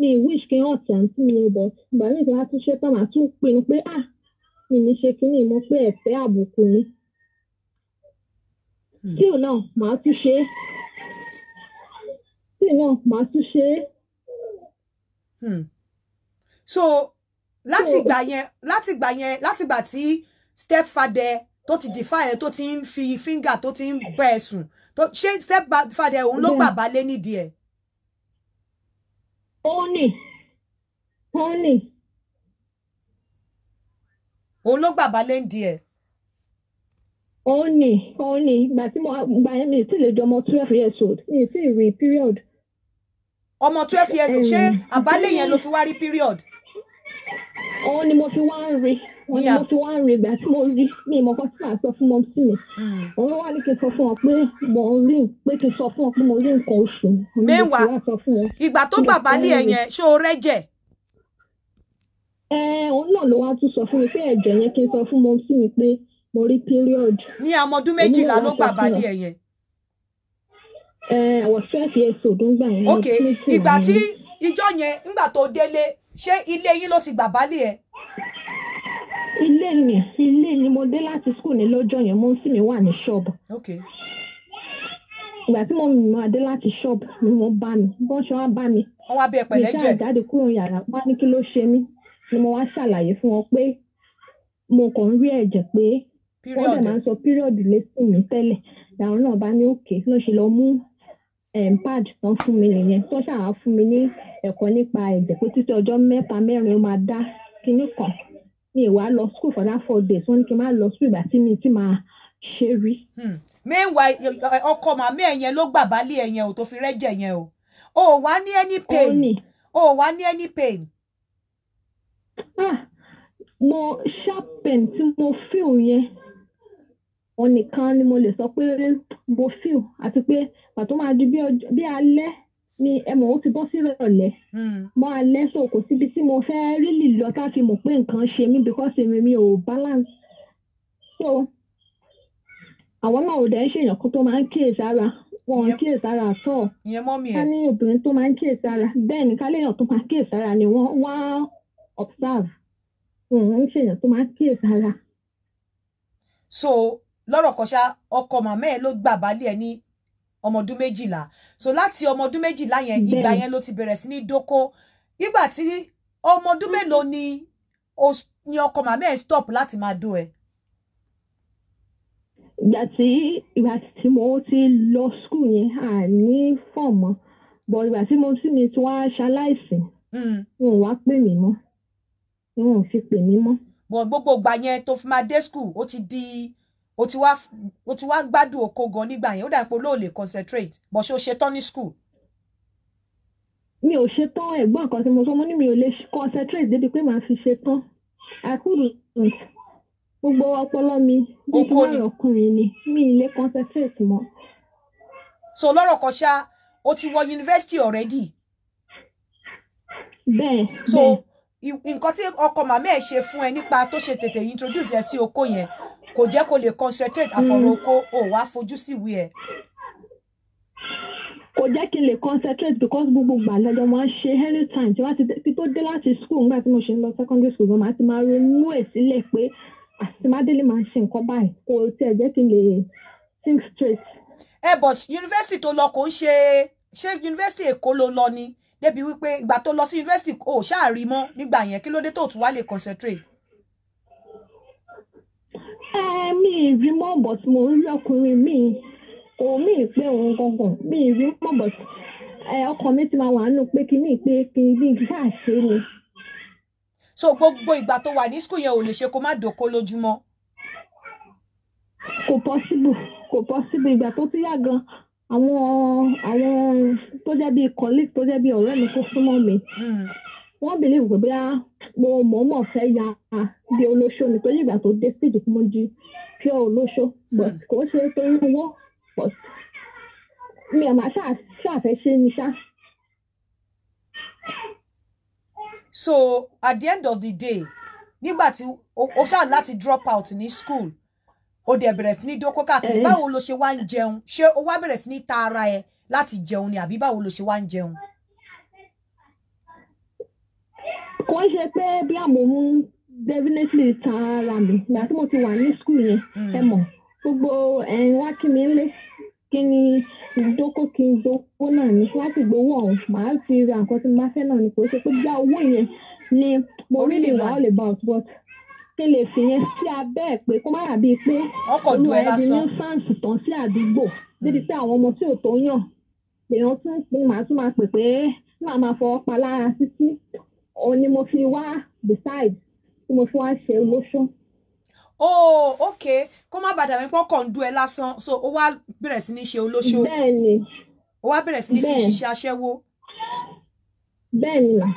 ní wish kí wọ́n ti àǹtí mi bọ̀ ìgbà míì tí wọ́n tún ṣe tán màá tún pinnu pé à ah, mi ní ṣe kinní mo pé ẹ̀fẹ́ àbùkù ni hmm. tí ò náà màá tún ṣe é tí ò náà màá tún ṣe hmm. so láti ìgbà yẹn láti ìgbà yẹn láti ìgbà tí stepfather tó ti defy ẹ tó ti ń fi finger tó ti ń bẹ ẹ sùn ṣé stepfather òun ló gbà balẹ̀ nídìí ẹ̀. ó nì ó nì. òun ló gbà balẹ̀ nídìí ẹ̀. ó nì ìgbà tí mo gbà yẹn mi ti lè di ọmọ twelve years old mi ti rí period. ọmọ twelve years old ṣé àbálẹ̀ yẹn ló fi wá rí period. òun ni mo fi wá ń rí wọ́n ní mo ti wá ń rí ìgbà tí mo rí ní ìmọ̀kọ́ tí màá sọ fún mọ́ sí mi hmm. òun ló wà ní kí n sọ fún wọn pé mo ń rí pé kí n sọ fún wọn pé mo rí nǹkan oṣù mẹ́wàá ìgbà tó gbà bálé ẹ̀ yẹn ṣó o rẹ́jẹ̀. ẹ òun náà ló wá tún sọ fún mi pé ẹ̀jẹ̀ yẹn kí n sọ fún mọ́ sí mi pé mo rí period. ní àmọ́dún méjìlá ló gbà bálé ẹ̀ yẹn. ẹ àwọn twelve years old ń gbà yẹn. ok ìgbà tí ìjọ yẹn ńgbà tó délé ṣé ilé yín ló ti gbà bálé ẹ̀ ilé ni ilé ni mo dé láti school ní lọ́jọ́ yẹn mo sì mi wà ní ṣọ́ọ̀bù. ìgbà tí mo mọ̀ adé láti ṣọ́ọ̀bù ni wọ́n bá mi bọ́n ṣe wá bá mi. wọ́n wá bí ẹ̀pẹ̀lẹ́ jẹ́ ìjà ìjáde kúrò yàrá wá ní kí ló ṣe mí ni mo wá ṣàlàyé fún wọn pé mo kàn ń rí ẹ̀jẹ̀ pé wọ́n dẹ̀ máa ń sọ píríọ̀dù létí mi tẹ́lẹ̀ làwọn náà bá ní òkè ló ṣe lọ mú eh, pad tán fún mi nìyẹn tó ṣàwọn fún mi ní ẹ̀kọ́ nípa ẹ̀jẹ̀ pé títí ọjọ́ mẹ́ta mẹ́rin ó máa dá kinní kan mi ì wá lọ school for that four days wọ́n ní kí n má lọ school ìgbà tí mi ti máa ṣe rí. Hmm. meanwhile eh, ọkọ màmí ẹ yẹn ló gbà bálé ẹ yẹn o tó fi rẹ́jẹ̀ yẹn o ò wá ní any pain o ò wá ní any pain. ah mo sharp pain tí mo feel yẹn òun nìkan ni mo lè sọ pé mo feel àti pé pàtó máa di bí alẹ́ ni ẹ mọ̀ ó ti bọ́ sí ìrọ̀lẹ́ mọ́ hmm. alẹ́ so kò síbi tí mo fẹ́ rírì lọ tá a fi mọ̀ pé nǹkan ṣe mí because èmi mi ò balance so àwọn náà ò dẹ̀ ń ṣèyàn kan tó máa ń kíyèsí ara wọn ò ń kíyèsí ara àtọ̀ ká ní obìnrin tó máa ń kíyèsí ara bẹ́ẹ̀ ni ká léèyàn tó máa ń kíyèsí ara ni wọ́n wá observe wọn ò ń ṣèyàn tó máa ń kíyèsí ara. so lọ́rọ̀ kan ṣá màmá ẹ̀ ló gbà bálẹ̀ ní ọmọ ọdún méjìlá so láti ọmọ ọdún méjìlá yẹn ìgbà yẹn ló ti bẹ̀rẹ̀ sí ní dóko ìgbà tí ọmọ mm-hmm. mélòó ni ni ọkọ màmá ẹ̀ stop láti máa dó ẹ. ìgbà tí ìgbà tí mo ti lọ skul yẹn à ní fọ́ọ̀mù bọ̀ ìgbà tí mo ti mi ti wá ṣaláìsì wọn mm. ò wá pè mí mọ́ wọn ò fi pè mí mọ́. gbogbo ìgbà yẹn tó fi máa dé skul ó ti di o ti wá o ti wá gbádùn oko gan nígbà yẹn ó dà pé olóò concentrate bó ṣe o ṣe tán ní school. mi ò ṣe tán ẹ̀gbọ́n kan tí mo sọ mo ní mi ò lè concentrate débi pé màá fi ṣe tán I couldn't gbogbo ọpọlọ mi bí kí wọ́n ọkùnrin ni mi ì lè concentrate mọ́. so lọ́rọ̀ kan ṣá o ti wọ yunifásitì already. bẹ́ẹ̀ so nǹkan tí ọkọ màmá ẹ̀ ṣe fún ẹ nípa tó ṣe tètè introduce ẹ sí oko yẹn kò jẹ́ kó lè concentrate àfọ̀rọ̀ hmm. oko ò wá fojú síwì ẹ̀. kò jẹ́ kí n lè concentrate because gbogbo ìgbà lọ́jọ́ máa ń ṣe anytime tí wọ́n ti tó dé láti school nígbà tí mo ṣe ń lọ secondary school mo máa ti máa ronú ẹ̀ sílẹ̀ pé àtìmádélé ah, máa ń ṣe nǹkan báyìí kò tiẹ̀ jẹ́ kí n lè think straight. ẹ bọ̀ yunifásitì tó lọ kò ń ṣe ṣé yunifásitì èkó ló lọ ni débi wípé ìgbà tó lọ sí yunifásitì ò ṣáà rí mọ́ nígbà yẹn kí ló dé tó tún wá lè concentrate. Eh, mi ìrí mọ́ but mo rí ọkùnrin mi kò mí pé òun gangan mi ìrí mọ́ but eh, ọkàn mi ti máa wà nù pé kí ni pé kí ni gíga ṣe ni. so gbogbo ìgbà tó wà ní skul yẹn ò lè ṣe kó má dòkó lójúmọ́. kò pọ́síbù kò pọ́síbù ìgbà tó ti yá gan àwọn àwọn tó jẹ́ bíi colleague tó jẹ́ bíi ọ̀rẹ́ mi kó súnmọ́ mi. Mm wọ́n believe pé bóyá mo mọ̀ọ́mọ̀ fẹ́ ya bí olóṣó nítorí ìgbà tó dé stage tí mo di pure olóṣó hmm. kò ṣe é torí owó but mi ò máa ṣe ni ṣá. so at the end of the day nígbà tí o ṣáà láti drop out ní school o dẹ̀ bẹ̀rẹ̀ sí ní dókó káàkiri eh. báwo lo ṣe wá ń jẹun ṣé o wá bẹ̀rẹ̀ sí ní ta ara ẹ láti jẹun ni àbí báwo lo ṣe wá ń jẹun. kò ń ṣe pé bí àmòhún definitely tan ara mi ìgbà tí mo ti wà ní skul yẹn hmm. ẹ mọ̀ gbogbo ẹ̀yin wá kí mi lé kí ni ìdókò kí n gbowó náà ní láti gbowó ọ̀hún màá fi ra nǹkan tí mo bá fẹ́ náà ni kò ṣe pé bí owó yẹn ni mo rí lè wá all about but kí lè fi yẹn sí abẹ́ ẹ̀ pé kó má yà bíi pé olúwa ẹni ní fáǹsì tán sí àdúgbò hmm. débi pé àwọn ọmọ tí ò tó yàn lèèyàn tún pé màá tún máa pè pé máa máa fọwọ́ pa lára títí òun ni mo fi wá decide tí mo fi wá ṣe olóṣùn. oh ok kó má bàdà wípé ọkọ̀ ń dú ẹ lásán so ó wá bẹ̀rẹ̀ sí ní ṣe olóṣó. bẹ́ẹ̀ni ó wá bẹ̀rẹ̀ sí ní fi ṣiṣẹ́ aṣẹ́wó. bẹ́ẹ̀ni mà.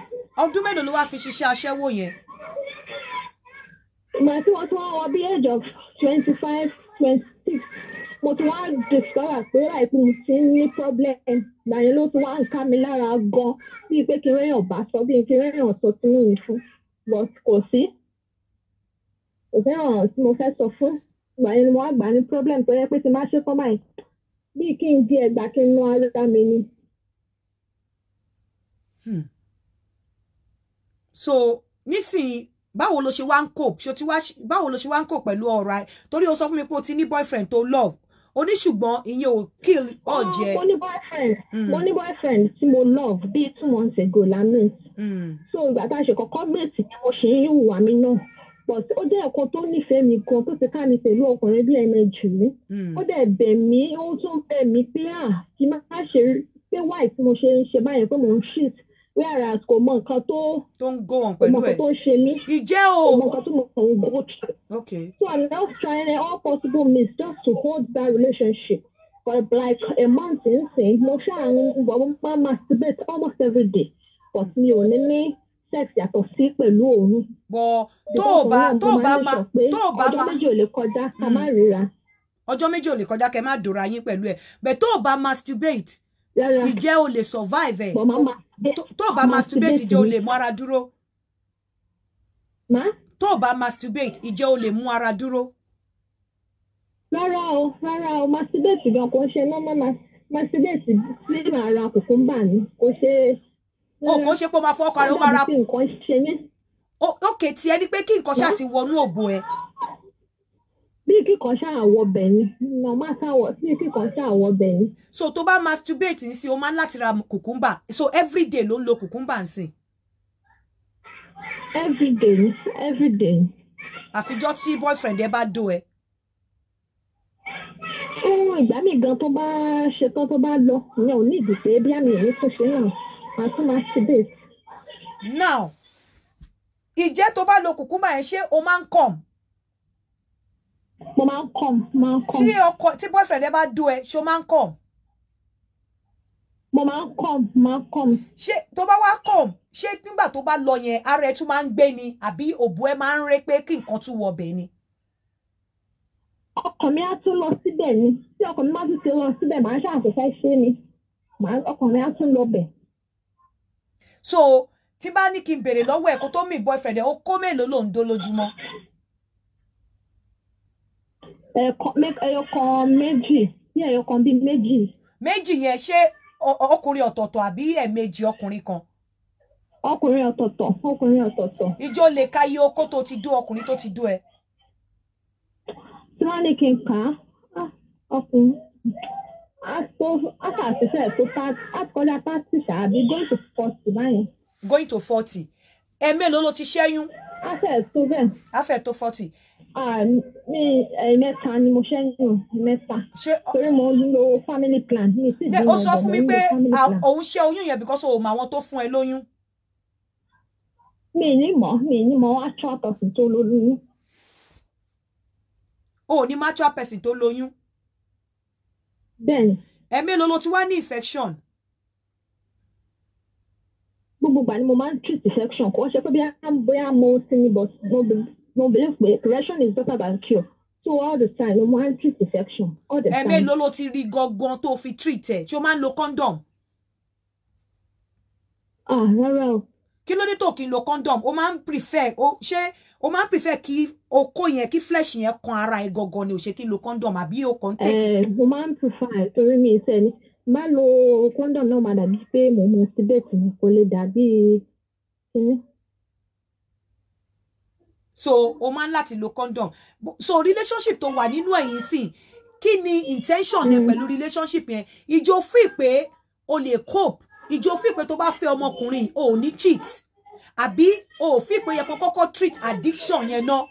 ọdún mélòó ló wá fi ṣiṣẹ́ aṣẹ́wó yẹn. ìgbà tí wọ́n tún wọ́n bí age of twenty five twenty six mo tún wá discover pé láìpẹ́ mo ti ń ní problem ìgbà ló tún wá ń ká mi lára gan bíi pé kí rẹ́yàn bá sọ bíi kí rẹ́yàn sọ tí mo yìn fún but kò sí kò fẹ́ràn tí mo fẹ́ sọ fún ìgbà ni mo wá gbà ní problem tó yẹ pé ti má ṣe kọ́ báyìí bíi kí n di ẹgbà kí n nu ara mi ni. Hmm. so nísìnyí báwo lo ṣe wá ń cope ṣe ti wá báwo lo ṣe wá ń cope pẹ̀lú ọ̀rọ̀ ẹ torí o sọ fún mi pé o ti ní boyfriend tó love ó ní ṣùgbọ́n ìyẹn ò kill ọ̀jẹ̀. Ah, mo ní boyfriend hmm. mo ní boyfriend tí mo love bíi two months ago la meet. Hmm. so ìgbà tá a ṣe kọ́kọ́ méètì ni mo ṣe ń hùwà mi náà but ó jẹ́ ẹ̀kọ́ tó nífẹ̀ẹ́ mi gan tó ti ká mi pẹ̀lú ọkùnrin bí ẹ̀mẹjì rí hmm. ó dẹ̀ bẹ̀ mí ó tún bẹ̀ mí pé à ah, kí má ṣe pé wáì tí mo ṣe ń ṣe báyẹn pé mò ń ṣìtì whereas kò mọ nǹkan tó tó ń go on pẹ̀lú ẹ̀ kò mọ nǹkan tó ń ṣe mí ìjẹ́ o kò mọ nǹkan tó mọ kàn ń go through. okay so i'm now trying all possible means just to hold that relationship but like a month nsìn mo ṣáà ń wọ máa masturbate almost every day but mi ò ní ní sex yàtọ̀ sí pẹ̀lú òun. bọ tó o bá tó o bá ma tó o bá ma ọjọ́ méjì ò lè kọjá ká má hmm. ríra. ọjọ́ méjì ò lè kọjá kẹ́ má dòra yín pẹ̀lú ẹ̀ bẹ̀ tó o bá masturbate ìjẹ́ o lè survive ẹ̀ tó o bá masturbate ìjẹ́ o lè mú ara dúró tó o bá masturbate ìjẹ́ o lè mú ara dúró. rárá o rárá o masturbate gan kò ṣe normal masturbate sí ara kùkúmbà ni kò ṣe. o kò ṣe pé o máa fọ́ ọkọ rẹ o máa ra. ó kè tiẹ̀ ni pé kí nǹkan ṣáà ti wọnú òbò ẹ̀ mílíkì kan ṣàwọ̀ bẹ̀yìn normal ṣàwọ̀ mílíkì kan ṣàwọ̀ bẹ̀yìn. so tó bá masturbate ń sin o máa ń láti ra kùkúmbà so everyday ló ń lo kùkúmbà ń day. everyday everyday. àfijọ́ tí boyfriend ẹ bá dó ẹ. ohun ìgbà mi gan tó bá ṣetán tó bá lọ ìyẹn ò ní ìdí pé bí àmì ìwé tó ṣe náà màá tún masturbate. now ìjẹ́ tó bá lo kùkúmbà yẹn ṣé o máa ń come mo máa ń kọ́ mo máa ń kọ́. tí ọkọ tí boyfriend ẹ bá dó ẹ ṣé o máa ń kọ́. mo máa ń kọ́ mo máa ń kọ́. ṣé tó bá wá kọ́ ṣé nígbà tó bá lọ yẹn ara ẹ tún máa ń gbé ni àbí òbú ẹ máa ń ré pé kí nǹkan tún wọ ọbẹ̀ ni. ọkàn mi á tún lọ síbẹ̀ ni tí ọkàn mi má tún ti lọ síbẹ̀ màá ṣàkóso ṣe ni ọkàn mi á tún lọ bẹ̀. so tí bá ní kí n béèrè lọ́wọ́ ẹ̀ kó tó mì boyfriend ẹ̀ ó kó mélòó ló ń dó lójúmọ́ ẹyọkan méjì ní ẹyọkan bíi méjì. méjì yẹn ṣé ọkùnrin ọ̀tọ̀ọ̀tọ̀ àbí ẹ̀ẹ̀mejì ọkùnrin kan. ọkùnrin ọ̀tọ̀ọ̀tọ̀ ọkùnrin ọ̀tọ̀ọ̀tọ̀. ìjọ lè ka iye okó tó ti dó ọkùnrin tó ti dó ẹ. tí wọ́n ní kí n kà á ọkùnrin àtàṣiṣẹ́ tó àkọjá pátì ṣáàbí going to forty báyẹn. going to forty ẹ̀ẹ́mélòó ló ti ṣẹ́yún. afẹ́ tó bẹ́ẹ̀. afẹ́ tó forty Ah, mi ẹ̀ẹ̀mẹ́ta eh, ni mo ṣẹ́yìn ẹ̀ẹ̀mẹ́ta torí mo ń lo family plan mi sì bí mo sọ fún mi pé òun ṣe oyún yẹn because o mọ àwọn tó fún ẹ lóyún. mi ní mọ̀ mi ní mọ̀ actual person tó lóyún. o ò ní mọ̀ actual person tó lóyún. bẹ́ẹ̀ni. ẹ mélòó ló ti wá ní infection gbogbo ìgbà ni mo máa ń treat infection kò ṣe pé bí a bóyá mo sinmi but mo mo believe pé correction is better than cure so all the time mo máa treat infection all the time. ẹ̀mẹ́ ló ló ti rí gangan tó fi treat ẹ̀ tí o máa ń lo condom. ah rárá o. kí ló dé tó kí n lo condom o máa ń prefer o ṣé o máa ń prefer kí okó yẹn kí flesh yẹn kan ara ẹ gangan ni o ṣe kí n lo condom àbí o kàn tẹ̀. ẹ eh, mo máa ń prefer torí mi ìṣe ni má lo condom náà má dàbí pé mo mo ti bẹ́ẹ̀ tì ní kò lè dàbí kíní so o máa ń lo condom so relationship to wà nínú ẹ̀yìn sìn kí intention ẹ hmm. pẹ̀lú relationship yẹn Ijo fi pé o lè cope Ijo fi pé tó bá fẹ́ ọmọkùnrin o ò cheat Abi o ò fi pé yẹ kó treat addiction yẹn náà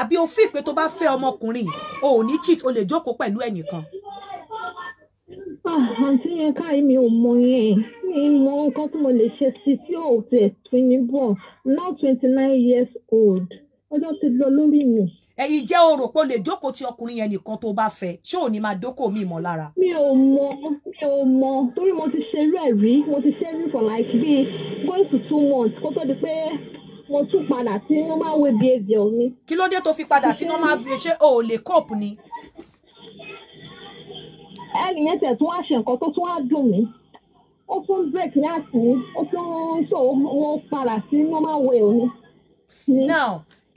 Abi o fi pé tó bá fẹ́ ọmọkùnrin o ò cheat o lè jókòó pẹ̀lú ẹnìkan. Ah, àǹtí yẹn káyìí mi ò mọ yẹn mi mọ nǹkan tí mo lè ṣe sí tí ò tẹ̀ twenty one now twenty nine years old ọjọ́ ti lọ lórí mi. ẹyin jẹ́ o rò pé o lè jókòó ti ọkùnrin yẹn nìkan tó bá fẹ́ ṣé ò ní máa dókòó mi mọ́ lára. mi ò mọ mi ò mọ torí mo ti ṣe irú ẹ̀ rí mo ti ṣe rí for like bíi going to two months kó tó di pé mo tún padà sí normal way behaviour mi. kí ló dé tó fi padà sí normal way ṣé o ò lè cope ni. ẹnì yẹn tẹ̀ tún wá ṣe nǹkan tó tún wá dùn mí ó tún break ní àtúnyí ó tún so wọ́n padà sí normal way òní. now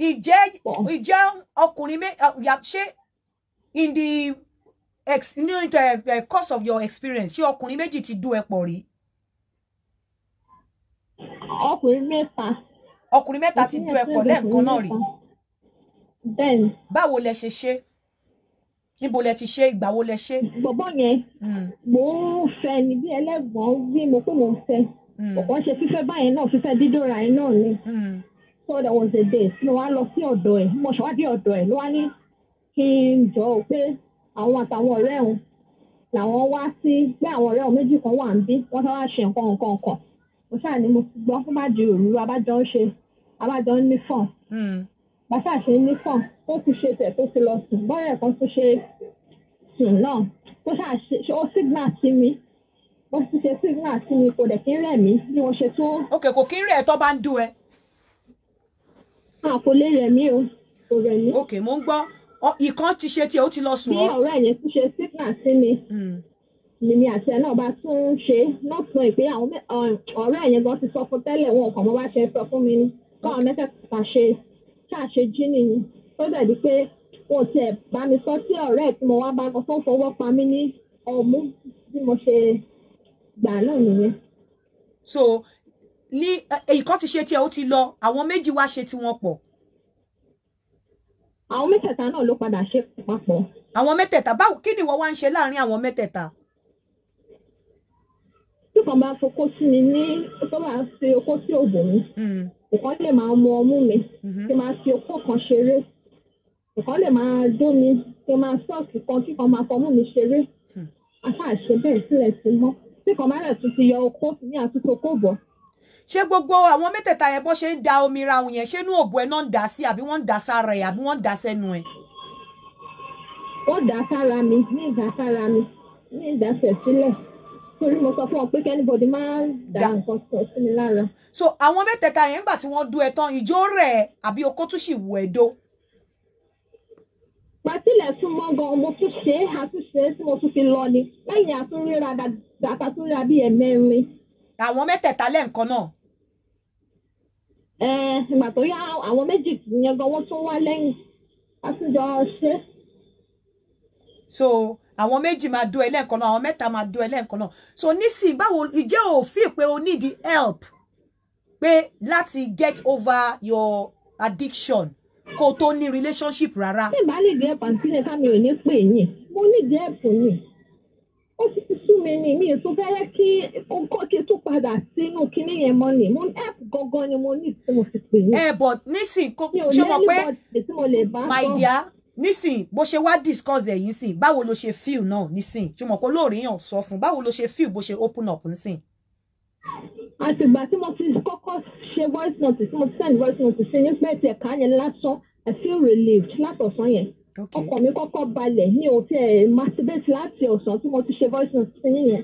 ìjẹ́ ìjẹ́ ọkùnrin uh, ṣé in the ex ní uh, course of your experience ṣé ọkùnrin méjì ti dó ẹ pọ̀ rí. ọkùnrin mẹ́ta. ọkùnrin mẹ́ta ti dó ẹ pọ̀ lẹ́ẹ̀kan náà rí. bẹ́ẹ̀ni. báwo lẹ ṣe ṣe níbo lẹ ti ṣe ìgbà wo lẹ ṣe. bọ̀bọ̀ yẹn hmm. mò ń fẹ́ ni bí ẹlẹ́gbọ̀n bí mo pé mò ń fẹ́ ọ̀pọ̀ hmm. ṣe fífẹ́ báyẹn náà fífẹ́ dídóra yẹn náà ni. Mm so there was a day mo wá lọ sí ọ̀dọ̀ ẹ̀ mo ṣèwádìí ọ̀dọ̀ ẹ̀ ló wá ní kí n jọ ò pé àwọn àtàwọn ọ̀rẹ́ òun làwọn wá sí pé àwọn ọ̀rẹ́ òun méjì kan wà ń bí wọ́n fẹ́ wá ṣe nǹkan nǹkan kan mo ṣáà ní mo ti gbọ́ fún bàjẹ́ òru abájọ ń ṣe abájọ ń ní fọ́ọ̀n hmm. bàtà ṣe ń ní fọ́ọ̀n tó ti ṣe tẹ̀ tó ti lọ sùn bọ́ọ̀rẹ́ kan tó ṣe sùn náà tó ṣáà ṣe ó sígbà sí mi ó ti ṣe sígbà sí mi kò dẹ̀ kí ń rẹ̀ mí bí mo ṣe tó. ok kò kí ń rẹ̀ tó bá ń dùn ẹ kò lè rẹ̀ mí o kò rẹ̀ mí. ok mo ń gbọ́ ìkan ti ṣe tiẹ̀ ó ti lọ sùn ọ́. bí ọ̀rẹ́ yẹn tún ṣe sígbà sí mi mímí àti ẹ̀ náà bá tún ṣe náà sọ ìpè àwọn ọ̀rẹ́ yẹn gan ti sọ fún tẹ́lẹ̀ wọn kàn mọ́ bá ṣe sọ fún mi ni báwọn mẹ́tẹ̀ẹ̀ta ṣe ṣàṣe jí nìyí tó dàbí pé wọn ò tiẹ̀ bá mi sọ sí ọ̀rẹ́ tí mo wá bá gan tó fọwọ́ pa mí ní ọmú bí mo ṣe gbà náà nìyẹn. so ní ìkan eh, ti ṣe tiẹ̀ ó ti lọ àwọn méjì wá ṣe tiwọn pọ̀. àwọn mẹ́tẹ̀ẹ̀ta náà ló padà ṣe papọ̀. àwọn mẹ́tẹ̀ẹ̀ta báwo kí ni ìwọ wá ń ṣe láàárín àwọn mẹ́tẹ̀ẹ̀ta. tí kan bá fokó sí mi ní tó bá fi okó sí òbò mi hmm. nǹkan lè máa mu ọmú mi tí hmm. máa fi okó kan ṣeré nǹkan lè máa dó mi tí máa sọ́ọ̀kì kan kí kan máa fọmú mi ṣeré hmm. àtàṣe bẹ́ẹ̀ sílẹ̀ sí mọ́ tí kan bá rẹ̀ tún ti yọ okó ní àtúntò kó bọ̀ ṣé gbogbo àwọn mẹ́tẹ̀ẹ̀ta yẹn bọ́ ṣe ń da omi ra òun yẹn ṣé inú òbò ẹ̀ náà ń dà sí àbí wọ́n ń dà sára ẹ̀ àbí wọ́n ń dà sẹ́nu ẹ̀. ó dà sára mi ní ìdá sára mi ní ìdásẹ̀ sílẹ̀ torí mo sọ fún ọ pé kẹ́nìbọ̀dì máa ń da nǹkan sọ sí mi lára. so àwọn mẹ́tẹ̀ẹ̀ta yẹn nígbà tí wọ́n dú ẹ tán ìjó rẹ̀ àbí okó tún sì wù ẹ́ dó. pàtílẹ̀ tún mọ́ gan mo tún ṣe é àtúnṣe tí mo tún fi lọ ni lẹ́yìn àtúnríra bíi ẹ̀mẹ́rin àwọn mẹ́tẹ̀ẹ̀ta lẹ́ǹkan náà. ẹ ìgbà tó yá àwọn méjì yẹn gan wọ́n tún wá lẹ́yìn a tún jọ ṣe. so àwọn méjì máa do ẹlẹ́ǹkan náà àwọn mẹ́ta máa do ẹlẹ́ǹkan náà so nísìnyí báwo ìjẹ́ òfin pé o need help pé láti get over your addiction kó o tó ní relationship rárá. ṣé ìbálẹ̀ ẹ̀pà sílẹ̀ ká mi ò ní pè yín mo ní ìdí ẹ̀pù yìí ó ti sú mi ní mi tó fẹ́rẹ́ kí kó kí tó padà sínú kinní yẹn mọ́ ni mo help gangan ni mo ní tí mo fi pè é. ẹ eh, bọ nísìn kó ṣe mọ pé my dear nísìn bó ṣe wá discuss ẹ̀yìn sìn báwo ló ṣe feel náà nísìn ṣe mọ̀ pé olóòrí yàn sọ fún báwo ló ṣe feel bó ṣe open up nísìn. àtìgbà tí mo ti kọ́kọ́ ṣe voice note tí mo ti send voice note sí ní pẹ́ẹ́tì ẹ̀ka yẹn lásán I feel relieved látọ̀sán yẹn ọkọ mi kọ́kọ́ balẹ̀ mi ò fẹ́ masturbate láti ọ̀sán tí mo ti ṣe voice note sí yẹn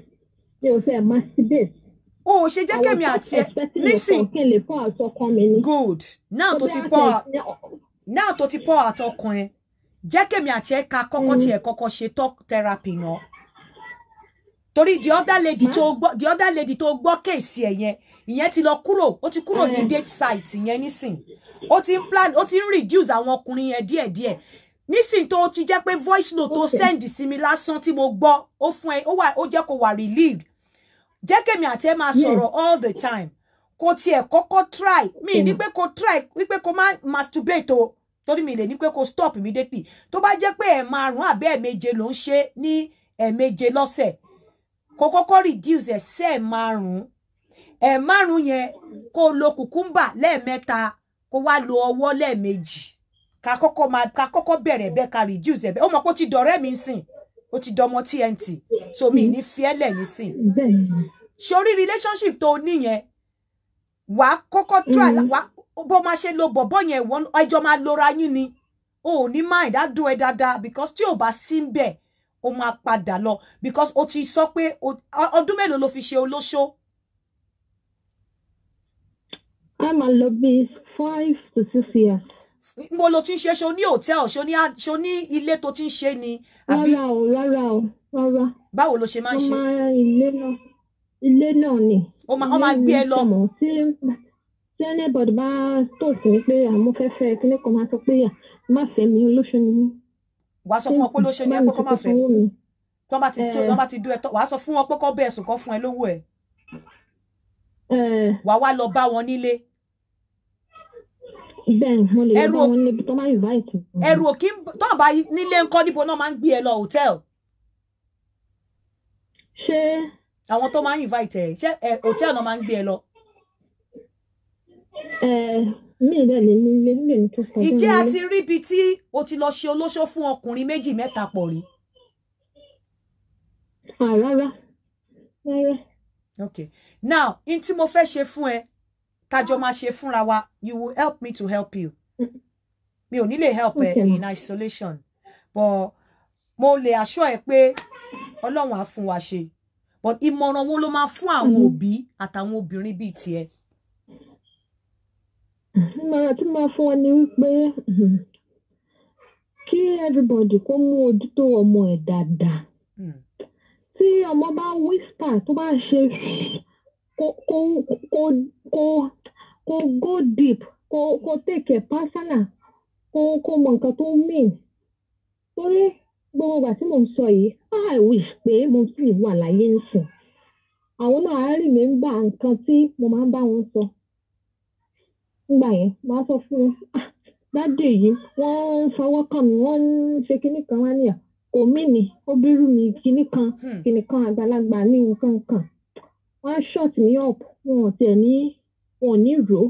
mi ò fẹ́ masturbate. o ò ṣe jẹ́ kẹ́mi àti ẹ nísìn good now tó ti pọ̀ now tó ti pọ̀ àtọkàn ẹ jẹ́ kẹ́mi àti ẹ ka kọ́kọ́ mm. tiẹ̀ kọ́kọ́ ṣe talk therapy náà torí the other lady tó mm. gbọ́ the other lady tó gbọ́ kéèsì ẹ̀ yẹn ìyẹn ti lọ kúrò ó ti kúrò ní mm. date site yẹn nísìn ó ti ń plan ó ti ń reduce àwọn ọkùnrin yẹn díẹ̀díẹ̀ nísìn tó ti jẹ́ pé voice note tó send sí mi lásán tí mo gbọ́ ó fún ẹ ó wà jẹ́ kó wà relieved jẹ́ kémi àti ẹ máa sọ̀rọ̀ all the time kò tiẹ̀ kọ́kọ́ try mi ní pé kò try wípé kò má masturbate o torí mi lè ní pé kò stop immediately tó bá jẹ́ pé ẹ̀ márùn-ún àbẹ́ ẹ̀ méje ló ń ṣe ní ẹ̀ méje lọ́sẹ̀ kò kọ́kọ́ reduce ẹ̀ sí ẹ̀ márùn-ún ẹ̀ márùn-ún yẹn kó lo kùkúmbà lẹ́ẹ̀mẹ́ta kó wá lo ọwọ́ lẹ́ẹ̀mejì ká kọ́kọ́ máa ká kọ́kọ́ bẹ̀rẹ̀ bẹ́ẹ̀ ká reduce ẹ̀bẹ̀ ó mọ̀ pé ó ti dọ̀rẹ́ mi sìn ó ti dọmọ TNT so mi ní fiẹ́lẹ̀ nísìn sórí relationship to níyẹn wà á kọ́kọ́ try mm. wà á bó máa ṣe lo bọ̀bọ̀ yẹn wọ́n ẹjọ́ máa lora yín ni o ò ní mind that dùn ẹ dáadáa because ti ò bá sí ń bẹ̀ ó máa padà because o ti sọ pé ọdún mélòó ló fi ṣe olóṣó. a lobbyist five to six years mo lo ti ń ṣe ṣo ní hòtẹ́ẹ̀lì ṣo ní ilé tó ti ń ṣe ni. rárá o rárá o rárá. báwo lo ṣe máa ń ṣe. ọmọ ilé náà ilé náà ni. ó máa gbé ẹ lọ. tí tí anybody bá tòsí mi pé àmúfẹ́fẹ́ kíní kan máa sọ pé má fẹ́ mi olóṣù ni mí. wàá sọ fún ọ pé olóṣù ni ẹ pé kó má fẹ́ tó bá ti tó tó bá eh. ti dó ẹ tó wàá sọ fún ọ pé kó bẹ ẹ̀sùn kan fún ẹ lówó ẹ. Eh. wàá wá lọ bá wọn nílé ẹrù ò ẹrù ò kí n tó bá nílé ńkọ́ níbo náà máa ń gbé ẹ lọ hòtẹ́ẹ̀lì. ṣé. àwọn tó máa ń invite ẹ ṣé hòtẹ́ẹ̀lì náà máa ń gbé ẹ lọ. ẹ mi ì lẹ́nu nílé nílé ní tó sọdún. ìjẹ́ àti ríbi tí o ti lọ ṣe olóṣó fún ọkùnrin méjì mẹ́ta pọ̀ rí. Ah, rárá rárá. ok now n tí mo fẹ́ ṣe fún ẹ tájọ máa ṣe fúnra wa you will help me to help you mi ò ní help ẹ okay. in isolation but mo lè aṣọ ẹ pé Ọlọ́run á fún wa ṣe but ìmọ̀ràn wo ló máa fún àwọn mm-hmm. òbí àtàwọn obìnrin bíi tiẹ̀. ìmọ̀ràn tí máa fún wọn ni wípé mm-hmm, kí everybody kó mú ojútó ọmọ ẹ̀ dáadáa hmm. tí ọmọ bá whisper tó bá ṣe kó kó kó kó kó go deep kó kó take it personal kó kó mọ nǹkan tó mean torí gbogbo ìgbà tí mò ń sọ yìí i wish pé mo sì wà láyé ń sùn àwọn náà á rí mi ń gbà nǹkan tí mo máa ń bá wọn sọ nígbà yẹn màá sọ fún wọn ah, dádì yìí wọ́n ń fọwọ́ kàn mí wọ́n ń ṣe kinní kan wá níyà ah, kò mí ni ó bírú mi kinní kan hmm. kinní kan àgbàlagbà ní nǹkan kan wọ́n á ṣọ́ọ̀tì mi up wọn ò tẹ̀ ní wọn ò ní rò ó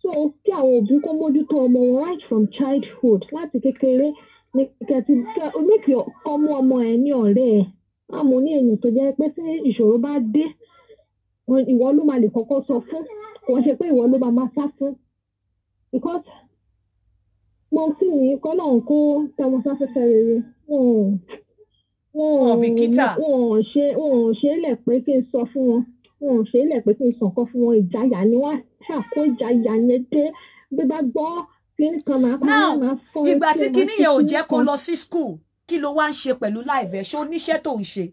so kí àwọn òbí kó mójútó ọmọ wọn right from childhood láti kékeré ní kẹtì make your kọ́ mú ọmọ ẹ ní ọ̀rẹ́ ẹ àmọ́ ní èèyàn tó jẹ́ pé tí ìṣòro bá dé ìwọ ló máa lè kọ́kọ́ sọ fún kò ṣe pé ìwọ ló máa máa sá fún because mo sì ní kọ́nà kó tẹmọ sáfẹ́fẹ́ rere wọn ò ṣe lẹ̀ pé kí n sọ fún wọn wọn ò ṣe é lẹ̀ pé kí n sàn kan fún wọn ìjáyà ni wọ́n ṣàkó ìjáyà yẹn dé bí bá gbọ́ kí n kan máa pààyàn máa fọ́ ẹ. ìgbà tí kinní yẹn ò jẹ́ kó lọ sí school kí ló wá ń ṣe pẹ̀lú láìvẹ̀ ṣó níṣẹ́ tó ń ṣe.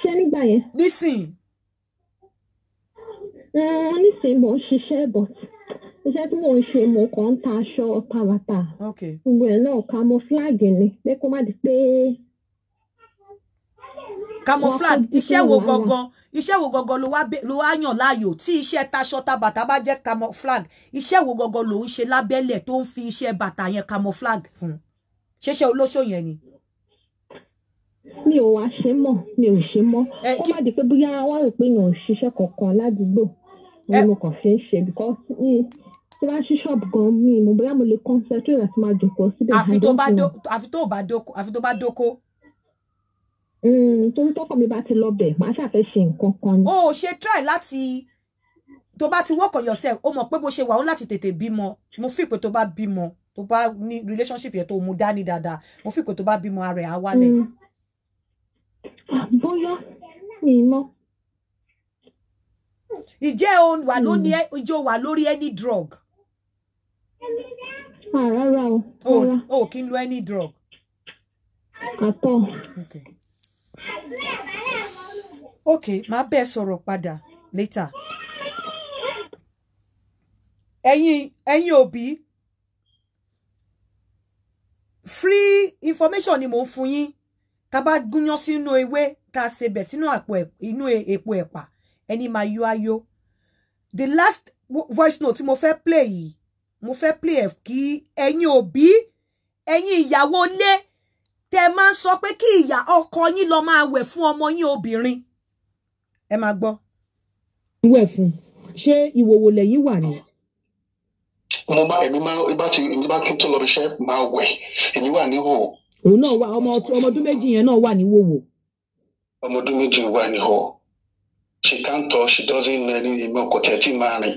ṣé nígbà yẹn. nísìn. wọ́n nísìn mò ń ṣiṣẹ́ but iṣẹ́ tí mò ń ṣe mò kàn ń ta aṣọ tààràtà. gbogbo ẹ̀ náà ká mo flag ni pé kó má di pé camouflage iṣẹ́ wo gangan iṣẹ́ wo gangan ló wá ló wá yàn láàyò tí iṣẹ́ taṣọ ta bàtà bá jẹ́ camouflage iṣẹ́ wo gangan ló ń ṣe lábẹ́lẹ̀ tó ń fi iṣẹ́ bàtà yẹn camouflage fún ṣẹṣẹ olóṣó yẹn ni. mi ò wá ṣe mọ mi ò ṣe mọ eh, ó má di pé bóyá wọn rò pé èèyàn ò ṣiṣẹ́ kankan ládùúgbò ni eh. mo kàn fi ń ṣe because tí wọ́n á ṣí ṣọ́ọ̀bù gan mi mo bóyá mo lè concentrate àti máa jòkó síbẹ̀. àfi tó bá dóko àfi tó bá dóko Mm, torí tọkọ mi bá ti lọ bẹ̀ màá ṣàfẹ́ ṣe nǹkan kan ni. o ò ṣe try láti tó bá ti work on yourself ó mọ̀ pé bó ṣe wà ó láti tètè bímọ mo fi pé tó bá bímọ tó bá ní relationship yẹn tó mú dání dáadáa mo fi pé tó bá bímọ ara ẹ̀ á wálẹ̀. Mm. Ah, bóyá mi mọ. ìjẹ́ o wà lóní ìjẹ́ wà lórí any drug. Ah, rárá o. o ò kí ń lo any drug. àtọ̀. Okay. Okay, màá bẹ́ẹ̀ sọ̀rọ̀ padà later. ẹ̀yin ẹ̀yin òbí free information ni mo ń fún yín tá a bá gúnyán sínú ewé tá a sebẹ̀ sínú àpò inú epo ẹ̀pà ẹni máa yó ayó the last voice note tí mo fẹ́ play yìí mo fẹ́ play ẹ̀ kí ẹ̀yin òbí ẹ̀yin ìyàwó lé tẹ máa ń sọ pé kí ìyá ọkọ yín lọ máa wẹ̀ fún ọmọ yín obìnrin ẹ máa gbọ́. wẹ̀ fún ṣé ìwòwò lẹ́yìn wà ni. mo máa èmi máa ibà tí èmi bá kí n tó lọ iṣẹ́ máa wẹ̀ èmi wà ní hòhò. òun náà wà ọmọ ọdún méjì yẹn náà wà ní wòwò. ọmọ ọdún méjì wà ní hòhò she can't talk she doesn't know any ìmọ̀ kò tẹ̀ tí máa rìn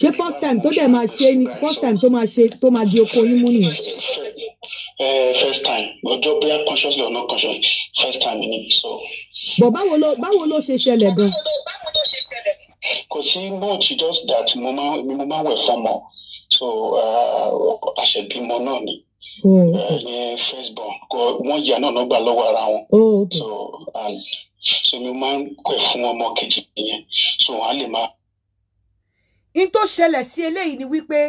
ṣé first time tó dẹ̀ máa ṣe ni first time tó máa ṣe tó máa di oko yín mú nìyẹn. Eh, first time ọjọ́ bóyá consciously or not consciously first time ni so. bọ̀ báwo ló báwo ló ṣe ṣẹlẹ̀ gan. kò sí much just that mo máa mo máa wẹ̀ fọmọ so àṣẹbímọ eh, náà ni oh, eh, ní first born kò wọn yà náà lọgbà lọ́wọ́ ara wọn oh, so so mi máa ń pẹ fún ọmọ kejì yẹn so wọn á lè máa in tó ṣẹlẹ̀ sí eléyìí ni wípé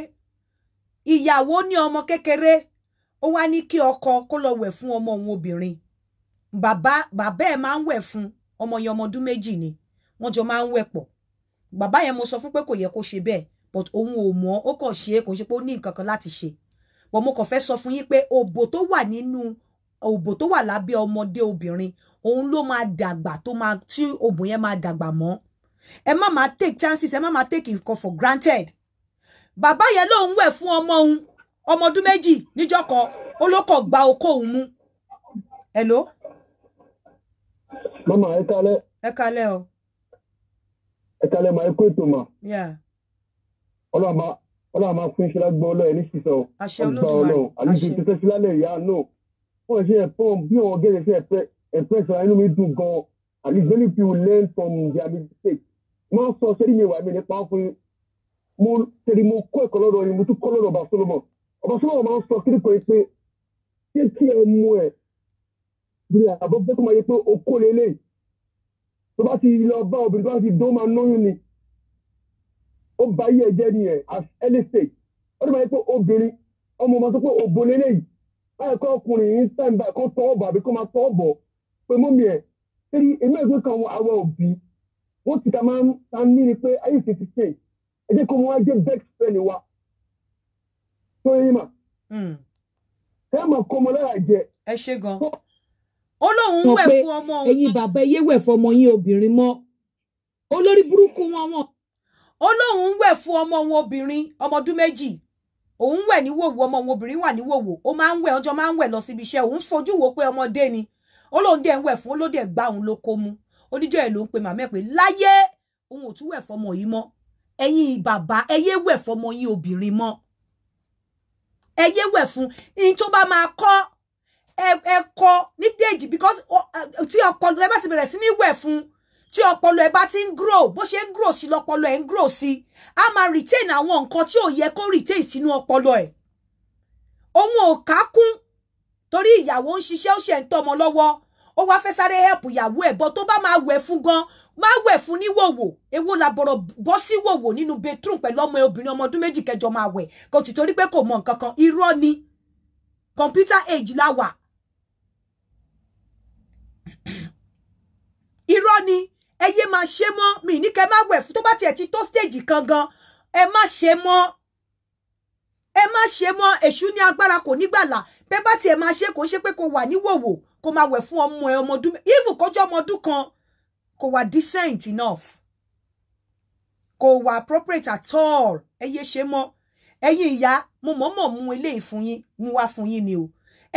ìyàwó ní ọmọ kékeré ó wá ní kí ọkọ kó lọ wẹ̀ fún ọmọ òun obìnrin bàbá bàbá ẹ̀ máa ń wẹ̀ fún ọmọ yẹn ọmọ ọdún ni wọ́n jọ máa ń wẹ̀ pọ̀ bàbá mo sọ fún pé kò yẹ kó ṣe bẹ́ẹ̀ but òun ò mọ̀ ó kàn ṣe é kò ṣe pé ó ní nǹkan kan láti ṣe but mo kàn fẹ́ sọ fún yín pé òbò tó wà nínú òbò tó wà lábẹ́ ọmọdé obìnrin òun ló máa dàgbà tó máa tí òbò yẹn máa dàgbà mọ́ ẹ má máa take chances ẹ má máa take it for granted Baba yẹn ló ń wẹ̀ fún ọmọ òun ọmọ ọdún méjì níjọ́ kan olókọ̀ gba okó òun mú hello. mama ẹ kalẹ̀. ẹ kalẹ̀ o. ẹ kalẹ̀ ma ẹ kó ètò ma. ma. ọlọ́mà ọlọ́mà fún iṣẹ́ lágbó ọlọ́ọ̀ ní sísọ. àṣẹ olódùmarè àṣẹ àlejò tó fẹ́ sílálẹ̀ ìyá náà wọ́n ṣe ẹ̀fọ́ bí wọ́n gẹ́gẹ́ sí ẹ̀pẹ́ ẹ̀pẹ́ sọ inú mi dùn gan-an àlejò ní people learn from their mistakes wọ́n sọ sẹ́rí mi wà mí nípa fún mo tẹ̀lé mo kọ́ ẹ̀kọ́ lọ́dọ̀ yìí mo tún kọ́ lọ́dọ̀ ọba Solomon ọba Solomon máa ń sọ kíríkọ yìí pé ṣé kí ẹ mú ẹ bìrì àbọ̀ bẹ́ẹ̀ kó máa yẹ pé o kó lélẹ̀ tó bá ti lọ bá obìnrin tó bá ti dó máa lóyún ni ó bá yí ẹ̀jẹ̀ ni ẹ̀ as early stage ó dẹ̀ máa yẹ pé obìnrin ọmọ ọmọ tó pé òbò lélẹ̀ yìí báyìí kọ́ ọkùnrin yìí ń sẹ́ńbà kó tọ́ ọ̀bọ̀ àbí kó máa tọ́ ọ̀bọ̀ pé mọ́mí ẹ̀ ṣé èmi ẹ̀gbẹ́ wọ́n ti ta máa ń ta ní ni pé ayé ti ti change ẹ jẹ́ kó mo wá jẹ́ best friend wa tó yẹ mà. Hmm. ẹ mà kó ọmọ lára jẹ. ẹ ṣe gan. ó lóun ń wẹ̀ fún ọmọ òun. ẹ̀yin bàbá ẹ yé wẹ̀ fún ọmọ yín obìnrin mọ́ olórí burúkú wọn wọn. ó lóun ń wẹ̀ fún ọmọ òun obìnrin ọmọ ọdún méjì òun wẹ̀ ní wòwò ọmọ òun obìnrin wà ní wòwò ó máa ń wẹ̀ ọjọ́ máa ń wẹ̀ lọ síbi iṣẹ́ òun fojú wo pé ọmọdé ni ó lóun dẹ̀ ń wẹ̀ fún ó ló dẹ̀ gbá òun ló kó mu oníjọ́ ẹ̀ ló ń pe màmá ẹ̀ pé láyé òun ò tún wẹ̀ fọmọ yìí mọ́ ẹ̀yin bàbá ẹ yé wẹ̀ fọmọ yín obìnrin mọ́ ẹ yé fún in tó bá máa kọ́ ẹ kọ́ ní déèjì because tí ọpọlọ ẹ bá ti bẹ̀rẹ̀ sí ní wẹ̀ fún tí ọpọlọ ẹ bá ti ń grow bó ṣe ń grow sí lọpọlọ ẹ ń grow sí a máa retain àwọn nǹkan tí ò yẹ kó retain sínú ọpọlọ ẹ òun ò kákún torí ìyàwó ń ṣiṣẹ́ ó ṣe ń tọ́ ọmọ lọ́wọ́ O wa fe sáré help ìyàwó ẹ̀ bọ́ tó bá ma we fún gan máa wẹ̀ fún ní wòwò èwo la bọ̀rọ̀ bọ́ sí wòwò nínú bathroom pẹ̀lú ọmọ obìnrin ọmọ ọdún méjì kẹjọ máa wẹ̀ kò sì torí pé kò mọ nǹkan kan irọ́ ni computer age la wà irọ́ ni ẹ yé máa ṣe mọ́ mi ní kẹ́ má wẹ̀ fún tó bá e ti tó stage kan gan ẹ má ṣe mọ́ ẹ má ṣe mọ́ èṣù ní agbára kò nígbàlà bẹ́ẹ̀ bá tiẹ̀ máa ṣe ko ń ṣe pé kò wà níwòwò Ko ma wẹ̀ fún ọmọ ẹ ọmọ ọdún even ko ọmọ ọdún kan kò wà decent enough Ko wa appropriate at all ẹ yé ṣe mọ́ ẹ̀yin ìyá mo mọ̀ọ́mọ̀ mu eléyìí fún yín mú wá fún yín ni o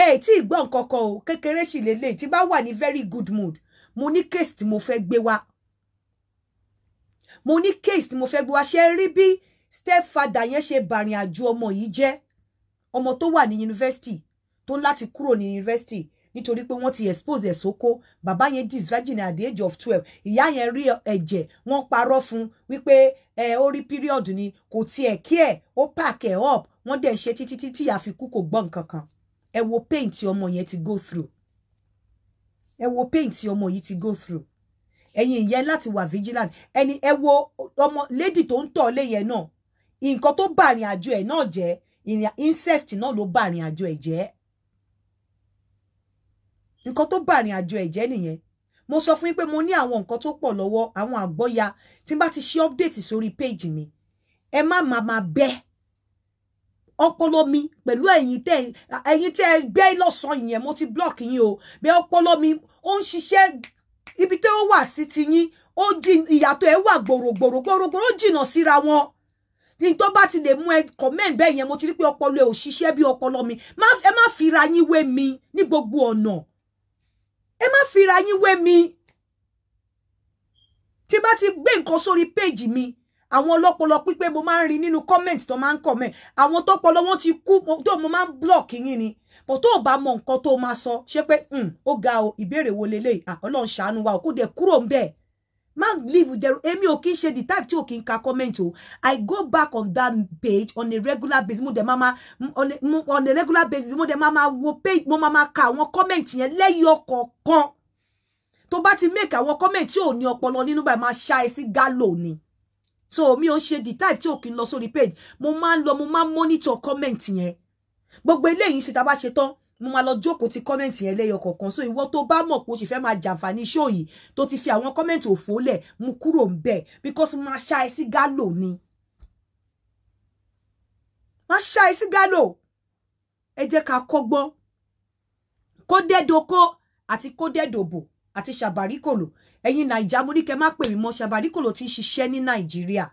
ẹ ẹ tí ì gbọ́ nǹkan kan o kékeré sì lélẹ̀ tí bá wà ní very good mood mo ní case tí mo fẹ́ gbé wá mo ní case tí mo fẹ́ gbé wá ṣe rí bí stepfather yẹn ṣe bàrìn àjò ọmọ yìí jẹ́ ọmọ tó wà ní yunifásitì tó ń láti kúrò ní nítorí pé wọ́n ti expose ẹ̀ sóko bàbá yẹn dis virgin at the age of twelve ìyá yẹn rí ẹ̀jẹ̀ wọ́n parọ́ fún wípé ẹ ó rí period ni kò tiẹ̀ kí ẹ̀ ó pack ẹ̀ up wọ́n dẹ̀ ṣe títí títí àfikú kò gbọ́ nǹkan ẹ wo pain tí ọmọ yẹn ti go through ẹ wo pain tí ọmọ yìí ti go through ẹ̀yin ìyẹn láti wà vigilant ẹni ẹ wo ọmọ lady tó ń tọ̀ lé yẹn náà nǹkan tó bá ìrìn àjò ẹ̀ náà jẹ́ ìrìn incest náà ló bá ìrìn àjò ẹ̀ jẹ́ nǹkan tó bá àrìn àjò ẹ̀jẹ̀ nìyẹn mo sọ fún yín pé mo ní àwọn nǹkan tó pọ̀ lọ́wọ́ àwọn àgbọ́ya tí n bá ti ṣe update sórí page mi ẹ má má má bẹ́ẹ̀ ọpọlọ mi pẹ̀lú ẹ̀yin tẹ́ ẹ̀yin tẹ́ gbẹ́ lọ́sàn yẹn mo ti block yín o bẹ́ẹ̀ ọpọlọ mi ó ń ṣiṣẹ́ ibi tí ó wà sí ti yín ó jìn ìyàtọ̀ ẹ wà gbòrògbòrò gbòrògbòrò jìnnà síra wọn ní tó bá ti lè mú ẹ comment bẹ́ẹ̀ yẹn mo ti rí pé ọpọlọ ẹ ò ṣiṣẹ́ bí ọpọlọ mi ẹ má fira yín wé mi ní gbogbo ọ̀nà ẹ má fira yín wé mi tí bá ti gbé nǹkan sórí péjì mi àwọn ọlọ́pọlọ pípé mo máa ń rí nínú kọ́mẹ̀ntì tó máa ń kọ̀mẹ̀ àwọn tọ́pọlọ wọn ti kú tó mo máa ń block yín ni bó tó bá mọ nǹkan tó máa sọ ṣé pé hmm, ó ga o ìbéèrè wo leléyìí ah, Ọlọ́run ṣàánú wa ò kó kúrò ń bẹ́ẹ̀ má leave jẹrù èmi ò kí ń ṣe the type tí ò kí ka comment o i go back on that page on a regular basis mo dẹ̀ máa on a regular basis mo dẹ̀ máa ma wo page mo máa ka àwọn comment yẹn lẹ́yọ kọ̀ọ̀kan tó bá ti make àwọn comment tí ò ní ọpọlọ nínú báyìí máa ṣá ẹ sí ni so mi ò ń the type tí ò kí ń lọ sórí page mo máa ń mo máa monitor comment yẹn gbogbo eléyìí ṣe tá a bá ṣe mo máa lọ jókòó ti kọ́mẹ̀ntì yẹn lẹ́yọ kọ̀ọ̀kan so ìwọ tó bá mọ̀ pé o sì fẹ́ máa jàǹfààní ṣó yìí tó ti fi àwọn kọ́mẹ̀ntì òfò mu kúrò ń bẹ̀ because máa ṣá ẹ sí gálò ni máa ṣá ẹ sí gálò ẹ jẹ́ ká kọ́gbọ́n kó dẹ́doko àti kó dẹ́dòbò àti ṣàbàríkòlò ẹ̀yin nàìjà mo ní kẹ́ má pè mí mọ́ ṣàbàríkòlò ti ń ṣiṣẹ́ ní nàìjíríà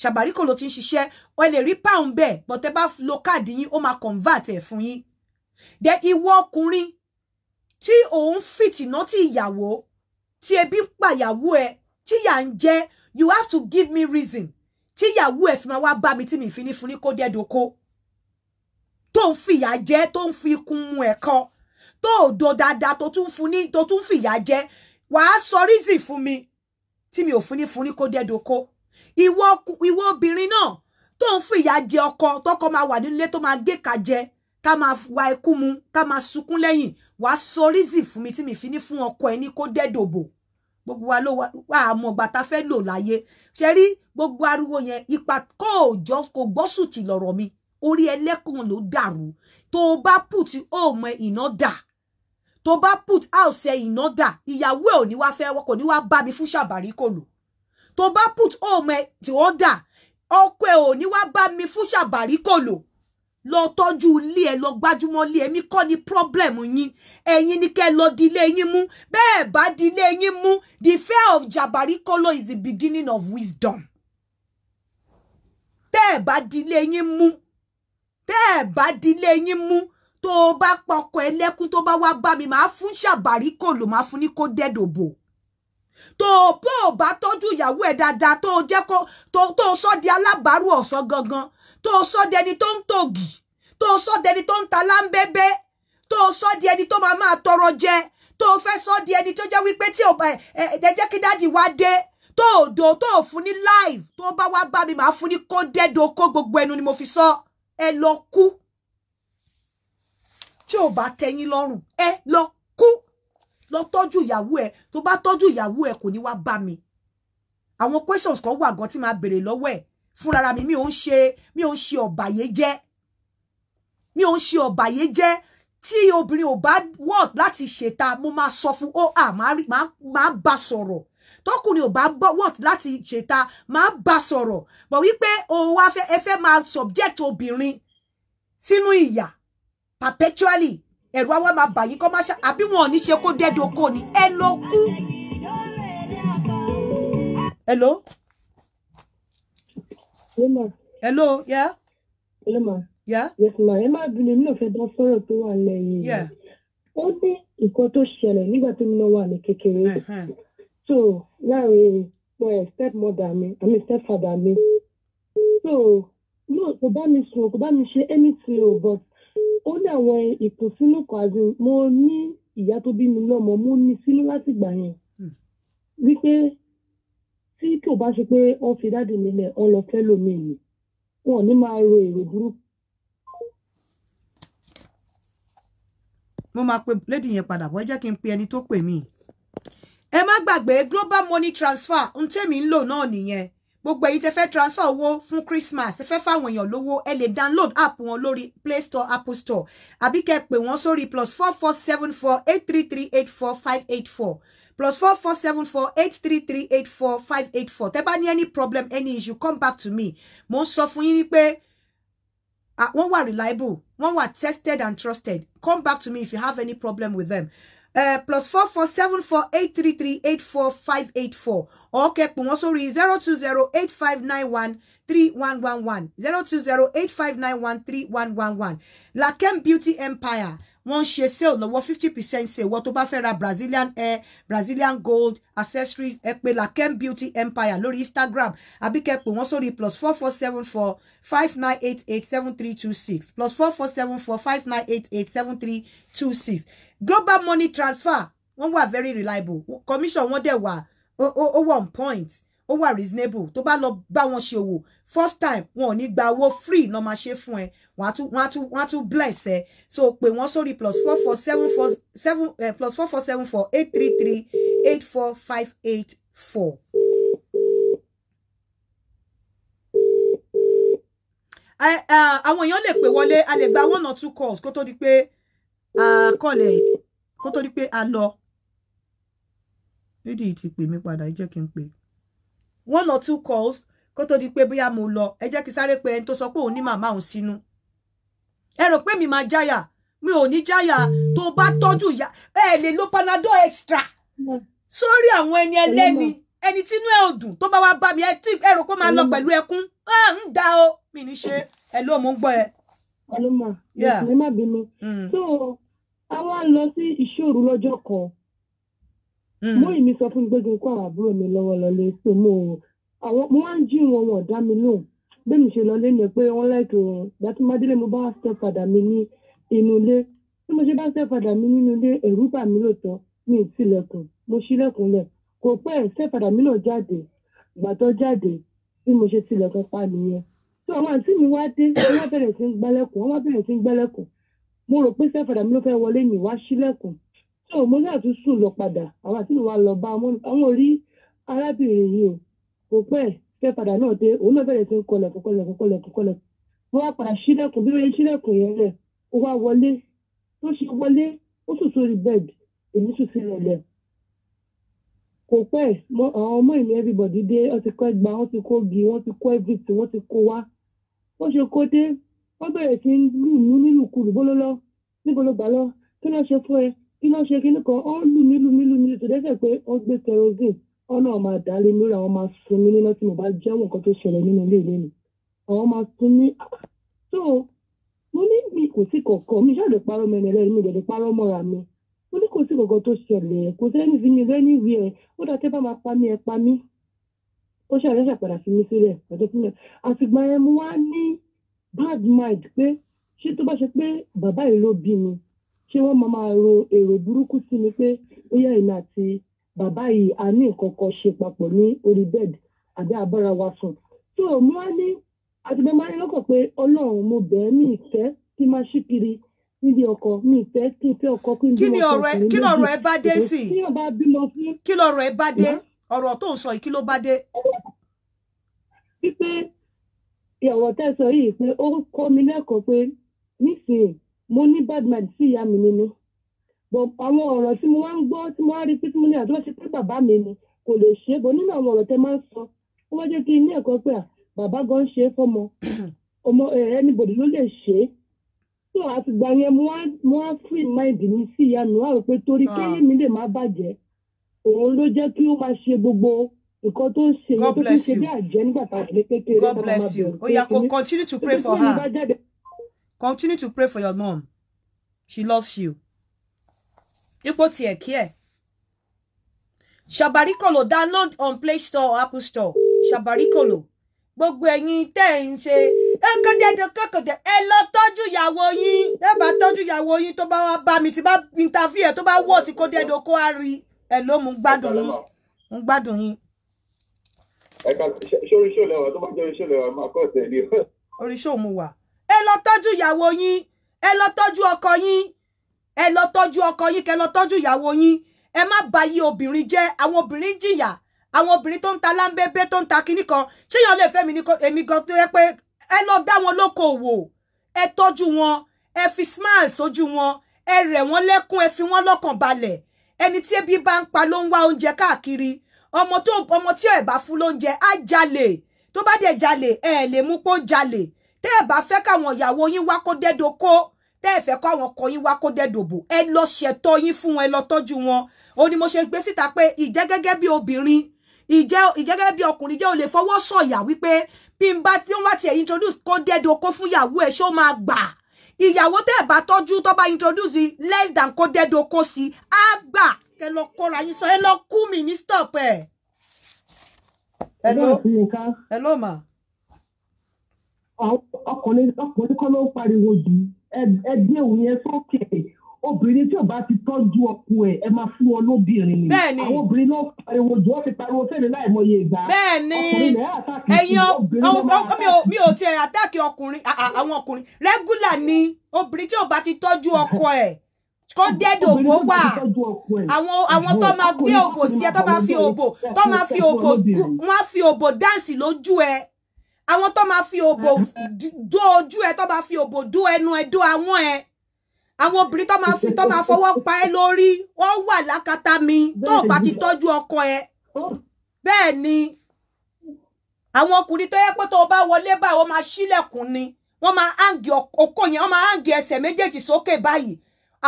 ṣàbáríkò ló ti ń ṣiṣẹ́ ẹ lè rí pound bẹ́ẹ̀ but bá lo káàdì yín ó máa convert ẹ̀ fún yín then ìwọ ọkùnrin tí òun fìtìná tí ìyàwó tí ebi ń pàyàwó ẹ tí yà ń jẹ you have to give me reason tí ìyàwó ẹ fi máa wá bá mi tí mi fi ní fún ní kó dẹ́doko tó ń fìyà jẹ tó ń fi kún mu ẹ̀kan tó ò do dáadáa tó tún fún ní tó tún fìyà jẹ wàá sọ reason fún mi tí mi ò fún ní fún ní kó dẹ́doko ìwọ ìwọ obìnrin náà tó ń fún ìyà jẹ ọkọ tọkọ máa wà nílé tó máa gé ka jẹ tá máa wa ikú mu tá máa sunkún lẹ́yìn wàá sọ rízì fún mi tí mi fi ní fún ọkọ ẹ ní kó dẹ́dòbò gbogbo wa ló wà àmọ́ ìgbà tá fẹ́ lò láyé ṣe rí gbogbo ariwo yẹn ipa kò jọ kò gbọ́sùtì lọ̀rọ̀ mi orí ẹlẹ́kùn ló dàrú tó o bá put home ẹ iná dà tó bá put house ẹ iná dà ìyàwó ẹ ò ní wá fẹ́ kò ní wá bá mi fún ṣàbàrí kò lò tó bá put home ẹ tí ó dà ọkọ ẹ ò ní wá bá mi fún ṣàbàrí kò lò lọ tọ́jú ilé ẹ lọ gbájúmọ́ ilé ẹmí kọ́ ni problem yín ẹ̀yin ni kẹ́ lọ di ilé yín mú bẹ́ẹ̀ bá di ilé yín mú the fear of jabari kolo is the beginning of wisdom tẹ́ ẹ̀ bá di ilé yín mú tẹ́ ẹ̀ bá di ilé yín mú tó o bá pọkọ ẹlẹ́kún tó bá wá bá mi màá fún ṣàbàrí kò lò fún ní kó dẹ́dòbò tó bó o bá tọ́jú ìyàwó ẹ̀ dáadáa tó o jẹ́ kó tó o sọ di alábàárù ọ̀sán gangan tó o sọ di ẹni tó ń tògì tó o sọ di ẹni tó ń ta láńbẹ́bẹ́ tó o sọ di ẹni tó máa máa tọrọ jẹ tó o fẹ́ sọ di ẹni tó jẹ́ wípé tí o ẹ jẹ́ kí dáàdì wá dé tó o dò tó o fún ní live tó o bá wá bá mi màá fún ní kó dẹ́dọ̀ kó gbogbo ẹnu ni mo fi sọ ẹ lọ kú tí o bá tẹ́yín lọ́rùn ẹ lọ kú lọ tọ́jú ìyàwó ẹ tó bá tọ́jú ìyàwó ẹ kò ní wá bá mi àwọn questions kan wà gan tí màá béèrè lọ́wọ́ ẹ̀ fúnra mi mi ò ń ṣe mi ò ń ṣe ọ̀bàyéjẹ́ mi ò ń ṣe ọ̀bàyéjẹ́ tí obìnrin ò bá work láti ṣèta mo máa sọ fún ó à máa bá sọ̀rọ̀ tọkùnrin ò bá work láti ṣèta máa bá sọ̀rọ̀ bọ̀ wípé òun wá fẹ́ ẹ fẹ́ máa subject obìnrin sínú ìyà perpetually ẹ̀rù àwa máa bà kọ́ máa ṣá àbí wọn ò ní ṣe kó dẹ́dọ̀ kó ni ẹ ló kú. hello. hello yá. hello ma. yá. yes ma ẹ má bínú mi náà fẹ́ dá sọ̀rọ̀ tó wà lẹ́yìn. ó ní nǹkan tó ṣẹlẹ̀ nígbà tó náà wà ní kékeré. so láàrin step mother mi àmì step father mi. so náà kò bá mi sùn kò bá mi ṣe anything o but ó ní àwọn ìkùnsínú kan àti mo ní ìyá tó bí mi lọ́mọ mo ní sínú láti gbà yẹn hmm. wípé tí kò bá ṣe pé wọ́n fi dáàdì nílẹ̀ wọ́n lọ fẹ́ lómi ni wọn ò ní máa ro èrò burúkú. mo máa pe lady yẹn padà bọ́ ẹ jẹ́ kí n pe ẹni tó pè mí. ẹ má gbàgbé global money transfer ń tèmi ń lò náà nìyẹn gbogbo èyí tẹ fẹ́ transfer owó fún Christmas tẹ fẹ́ fáwọn èèyàn lówó ẹ lè download app wọn lórí Play Store Apple Store àbí kẹ́ pè wọ́n sórí plus four four seven four eight three three eight four five eight four plus four four seven four eight three three eight four five eight four tẹ bá ní any problem any issue come back to me mo ń sọ fún yín ni pé ah, wọ́n wà reliable wọ́n wà tested and trusted come back to me if you have any problem with them Eh, plus four four seven four eight three three eight four five eight four Okay, kẹpù wọn sórí zero two zero eight five nine one three one one one zero two zero eight five nine one three one one one Lakem Beauty Empire wọ́n ṣe sale lọ́wọ́ fifty percent sale wọ́n tó bá fẹ́ ra brazilian hair brazilian gold accessories ẹ pè lakem beauty empire lórí instagram àbí kẹ́ pè wọ́n sórí plus four four seven four five nine eight eight seven three two six plus four four seven four five nine eight eight seven three two six global money transfer wọ́n wà very reliable commission wọ́n dẹ̀ wà ó wà on point ó wà reasonable tó bá lọ bá wọn ṣe òwò first time wọn ò ní gba owó free náà máa ṣe fún ẹ wọn á tún wọn á tún bless ẹ so pè wọn sórí plus four four seven four seven eh, plus four four seven four eight three three eight four five eight four. Eh, eh, àwọn èèyàn lè pè wọlé a lè gba one or two calls kó tó di pé àkọlẹ̀ kó tó di pé a lọ rédí ti pè mí padà ẹ jẹ́ kí n pè one or two calls kó tó di pé bóyá mo lọ ẹ jẹ́ kí sáré pé ẹni tó sọ pé òun ní màmá òun sínú ẹ rò pé mi máa jáyà mi ò ní jáyà tó bá tọ́jú ìyá ẹ lè lo panadol extra sórí àwọn ẹni ẹlẹ́ni ẹni tínú ẹ ò dùn tó bá wá bá mi ẹ tí ẹ rò pé máa lọ pẹ̀lú ẹkún à ń da o mi ní ṣe ẹ ló ẹ. ẹ ló ẹ má bínú. Mm. a wá ń lọ sí ìṣòro lọ́jọ́ kan mú hmm. ìmí sọ fún gbégbé kó àwọn àbúrò mi lọ́wọ́ lọlé pé mo àwọn mo wá ń jí wọn wọn dá mi lóhùn bẹ́ẹ̀ mi ṣe lọlé ni pé wọ́n láìpẹ́ òun gbàtí mádélé mo bá step padà mi ní inú ilé bí mo ṣe bá step padà mi nínú ilé ẹ̀rù bà mí lóòótọ́ mi ì tilẹ̀kùn mo ṣílẹ̀kùnlẹ̀ kò pẹ́ step padà mi náà jáde gbàtọ́ jáde bí mo ṣe tilẹ̀kùn pa nìyẹn tí àwọn àǹtí mi wá dé wọ́n bẹ̀rẹ̀ sí ń gbálẹ̀kùn wọ́n sí ń mo rò pé sẹ́fẹ̀dà mi ló fẹ́ wọlé ní wá sílẹ̀kùn tó mo ní àtúnṣù lọ padà àwọn àti ìwà lọ bá àwọn orí arábìnrin yìí o kò pẹ́ sẹ́fẹ̀dà náà dé òun náà bẹ̀rẹ̀ sí ń kọlẹ̀ kọlẹ̀ kọlẹ̀ kọlẹ̀ mo wá padà sílẹ̀kùn bí wọ́n sílẹ̀kùn yẹn rẹ̀ ó wá wọlé tó ṣe wọlé ó sùn sórí bẹ́ẹ̀d èmi sùn sí rẹ̀ kò pẹ́ àwọn ọmọ ìní everybody dé wọ́n ti kọ́ ẹgbàá wọ́n ti kó gi wọ́n ti kó everything wọ́n ti kó wá bó ṣe kó dé ó bẹ̀rẹ̀ sí ń lù mí nílùkulù bó ló lọ níbo ló gbà lọ kí ló ṣe fún ẹ kí ló ṣe kíní kan ó lù mí lù mí lù mí tó dẹ́sẹ̀ pé ó gbé kerosene ọ̀nà ọmọ àdáálé lórí àwọn máa sun mí níná tí mo bá jẹ́wọ́ nǹkan tó ṣẹlẹ̀ nínú ilé ìlú mi àwọn máa sun mí so mo ní mi kò sí kọ̀ọ̀kan mi ṣáà lè parọ́ mi ẹ̀rẹ́ mi lè parọ́ mọ́ra mi mo ní kò sí kọ̀ọ̀kan tó ṣẹlẹ̀ kò sẹ́ni fi mi lẹ́ni ìwé ẹ̀ ó dá bá máa pa mí ẹ pa mí ó ṣàlẹ́ ṣàpàdà fi mí sílẹ̀ ọ̀dọ́ fún àtìgbà yẹn mo wá ní bad mind pé ṣé tó bá ṣe pé bàbá yìí ló bí mi ṣé wọ́n máa máa ro èrò burúkú sí mi pé ó yẹ ìnà àti bàbá yìí a ní nǹkan kan ṣe papọ̀ ní orí bẹ́ẹ̀dì àbí abára wa sùn tó o mú wá ní àtìgbẹ́ máa ń lọ́kàn pé ọlọ́run mo bẹ̀ẹ́ mi ìfẹ́ kí máa ṣí kiri níbi ọkọ mi ìfẹ́ kí n fẹ́ ọkọ kí n bímọ fún mi kí lọ́rọ̀ ẹ bá dé sí kí lọ́rọ̀ ẹ bá dé ọ̀rọ̀ tó ń sọ yìí kí ló bá dé. wípé ọ̀rọ̀ tẹ́ sọ yìí pé ó kọ́ mi lẹ́kọ̀ọ́ pé nísìnyí mo ní bad mind sí ìyá mi nínú bọ̀ àwọn ọ̀rọ̀ tí mo wá ń gbọ́ tí mo wá rí pé tí mo ní àti wọ́n ṣe pé bàbá mi ni kò lè ṣe é bọ̀ nínú àwọn ọ̀rọ̀ tẹ́ máa ń sọ ó wá jẹ́ kí n ẹ̀kọ́ pé bàbá gan ṣe é fọmọ ọmọ eh, anybody ló lè ṣe é so àtìgbà yẹn mo wá free mind mi sí ìyá mi wá rò pé torí ah. kéyìn mi lè má bàjẹ́ òun ló jẹ́ kí ó máa ṣe gbogbo nǹkan tó ń ṣe nǹkan tó ń ṣe bí àjẹ́ nígbà tá a fi kékeré tá máa bẹ̀rẹ̀ pé oya ko continue to pray for her continue to pray for your mom she loves you dípò tiẹ̀ kí ẹ̀ ṣàbáríkòlò download on play store or apple store ṣàbáríkòlò gbogbo ẹ̀yin tẹ́ ẹ̀ ń ṣe ẹ kọ́jẹ́dẹ́ kọ́kọ́jẹ́ ẹ lọ tọ́jú ìyàwó yín ẹ bá tọ́jú ìyàwó yín tó bá wá bá mi tí bá interview ẹ̀ tó bá wọ̀ tí kò dẹ́dọ̀ kó a rí ẹ̀ ló mú gbádùn yín mú gbádùn yín ẹ̀ka sórí ṣó lẹ́wà tó bá jẹ́ ṣó lẹ́wà máa kọ́ ọ̀tẹ̀ ni. orí ṣó mu wà ẹ lọ tọ́jú ìyàwó yín ẹ lọ tọ́jú ọkọ yín ẹ lọ tọ́jú ọkọ yín kẹ lọ tọ́jú ìyàwó yín ẹ má bà yí obìnrin jẹ́ àwọn obìnrin jìyà àwọn obìnrin tó ń ta láńbébé tó ń ta kinní kan ṣéyàn lè fẹ́ mi ní èmi gan tó yẹ pé ẹ lọ dá wọn lókòwò ẹ tọ́jú wọn ẹ fi smile sójú wọn ẹ rẹ̀ wọ́n lẹ́kún ẹ fi wọ́n lọ́kàn balẹ̀ ẹni tí ebi bá ń pa ló ń wá oúnjẹ káàkiri ọmọ tó ọmọ tí ẹ bá fún lóúnjẹ á jalè tó bá dẹ̀ jalè ẹ lè mú pó jalè tẹ́ ẹ bá fẹ́ káwọn ìyàwó yín wá kó dẹ́dọ̀ kó tẹ́ ẹ fẹ́ káwọn ọkọ yín wá kó dẹ́dọ̀ bò ẹ lọ ṣètọ́ yín fún wọn ẹ lọ tọ́jú wọn ó ní mo ṣe gbé síta pé ìjẹ́ gẹ́gẹ́ bí obìnrin ìjẹ́ ìgẹ́gẹ́ bí ọkùnrin jẹ́ ò lè fọwọ́ sọ̀yà wípé bí n bá tí wọ́n bá tiẹ̀ introduce kó dẹ́dọ̀ kó fún ìyàwó ẹ̀ ṣé máa gbà ìyàwó tẹ́ ẹ bá tọ́jú tó introduce less than kó dẹ́dọ̀ kó sí á gbà kẹ lọ kóra yín sọ ẹ lọ kú mi ní stop ẹ. hello hello ma. ọkùnrin ọkùnrin kọ́ ló ń pariwo jù ẹ dé òun yẹn sókè obìnrin tí ò bá ti tọ́jú ọkọ ẹ̀ ẹ máa fún ọ lóbìnrin ni. bẹ́ẹ̀ni àwọn obìnrin náà pariwo jù ọ́ ti pariwo fẹ́mi láìmọye ìgbà. bẹ́ẹ̀ni ẹ̀yin mi ò tiẹ̀ àtàkì ọkùnrin àwọn ọkùnrin rẹ́gúlà ni obìnrin tí ò bá ti tọ́jú ọkọ ẹ̀ kọ́ dẹ́dẹ̀ òbò wà àwọn àwọn tó máa gbé òbò sí ẹ tó máa fi òbò tó máa fi òbò wọ́n á fi òbò dáǹsì lójú ẹ àwọn tó máa fi òbò dó ojú ẹ tó máa fi òbò dó ẹnu ẹ dó àwọn ẹ àwọn obìnrin tó máa fi tó máa fọwọ́ pa ẹ lórí wọ́n wà lákàtà mi tó bá ti tọ́jú ọkọ ẹ bẹ́ẹ̀ ni àwọn ọkùnrin tó yẹ pé tó bá wọlé báyìí wọ́n máa ṣílẹ̀kùn ni wọ́n máa hàǹgì okó yẹn wọ́n máa hàǹgì ẹsẹ̀ méjèèjì sókè báyìí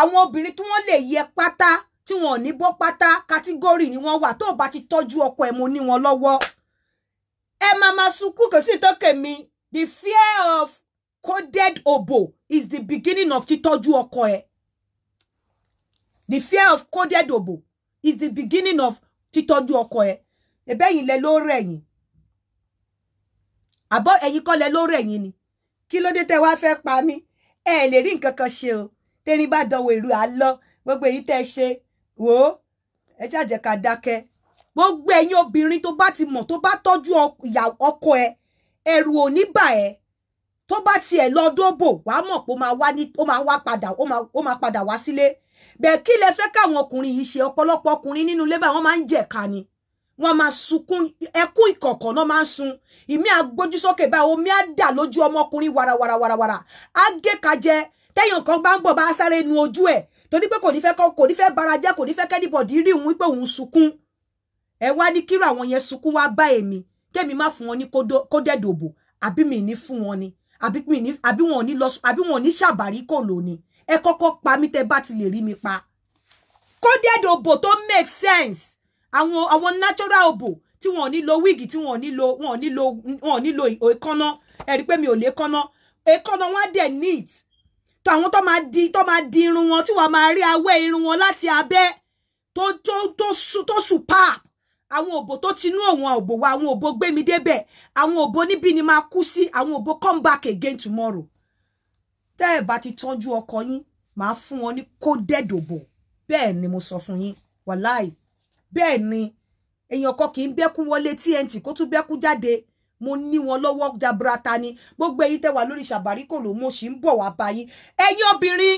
àwọn obìnrin tí wọ́n lè yẹ pátá tí wọn ò ní bọ́ pátá kátígórì ni wọ́n wà tó o bá ti tọ́jú ọkọ ẹ̀ mo ní wọn lọ́wọ́ ẹ máa máa sunkún kò sí ìtọ́kẹ̀ mi the fear of coded obo is the beginning of títọ́jú ọkọ ẹ̀ the fear of coded obo is the beginning of títọ́jú ọkọ ẹ̀ ẹ̀bẹ̀ yìí lẹ ló rẹ̀ yín àbọ̀ ẹ̀yin kọ́ lẹ ló rẹ̀ yín ni kí ló dé tẹ́ wá fẹ́ pa mí ẹ lè rí nǹkan kan ṣe o tẹ́rin bá we ìlú àlọ gbogbo èyí tẹ́ ṣe wò ó ẹ jáde ká dákẹ́ gbogbo ẹ̀yin obìnrin tó bá ti mọ̀ tó bá tọ́jú ọkọ ẹ ẹ̀rù ò ní bà ẹ́ tó bá tiẹ̀ lọ dóbò wàá mọ̀ pé ó máa wá padà ó máa padà wá sílé bẹ́ẹ̀ kí lẹ fẹ́ káwọn ọkùnrin yìí ṣe ọ̀pọ̀lọpọ̀ ọkùnrin nínú ilé báyìí wọ́n máa ń jẹ̀ka ni wọ́n máa sunkún ẹkún ìkọ̀kọ̀ náà máa ń sun ìmí àgbójúsókè báyìí omi á dà wara wara wara á gé ka jẹ́ tẹ́yàn kan bá ń bọ̀ bá sáré nu ojú ẹ̀ torí pé kò ní fẹ́ kò ní fẹ́ bara jẹ́ kò ní fẹ́ kẹ́nìbọ̀dì rí òun wípé òun sunkún ẹ wá ní kírò àwọn yẹn sunkún wá bá èmi kémi má fún wọn ní kó àbí mi ní fún wọn ni àbí wọn ò ní lọ àbí wọn ò ní ṣàbárí kò lò ni ẹ kọ́kọ́ pa mí tẹ́ bá ti lè rí mi pa kó tó make sense àwọn àwọn natural òbò tí wọn ò ní lo wíìgì tí wọn ò ní lo wọn ò ní lo wọn ní lo èkánná ẹ pé mi ò lè kánná èkánná wọn á dẹ̀ neat tó àwọn tó máa di tó máa di irun wọn tí wàá máa rí awẹ́ irun wọn láti abẹ́ tó tó tó tó sùpà àwọn òbò tó ti nú òun òbò wa àwọn òbò gbé mi débẹ̀ àwọn òbò níbí ni máa kú sí àwọn òbò come back again tomorrow tẹ́ ẹ̀ bá ti tọ́jú ọkọ yín màá fún wọn ní kó dẹ́dòbò bẹ́ẹ̀ ni mo sọ fún yín wàláì bẹ́ẹ̀ ni èèyàn kan kì í bẹ́kú wọlé TNT kó tún bẹ́kú jáde mo ní wọn lọ́wọ́ jaburata ni gbogbo èyí tẹ́ wà lórí ló mo sì ń bọ̀ wá báyìí Ẹyin obìnrin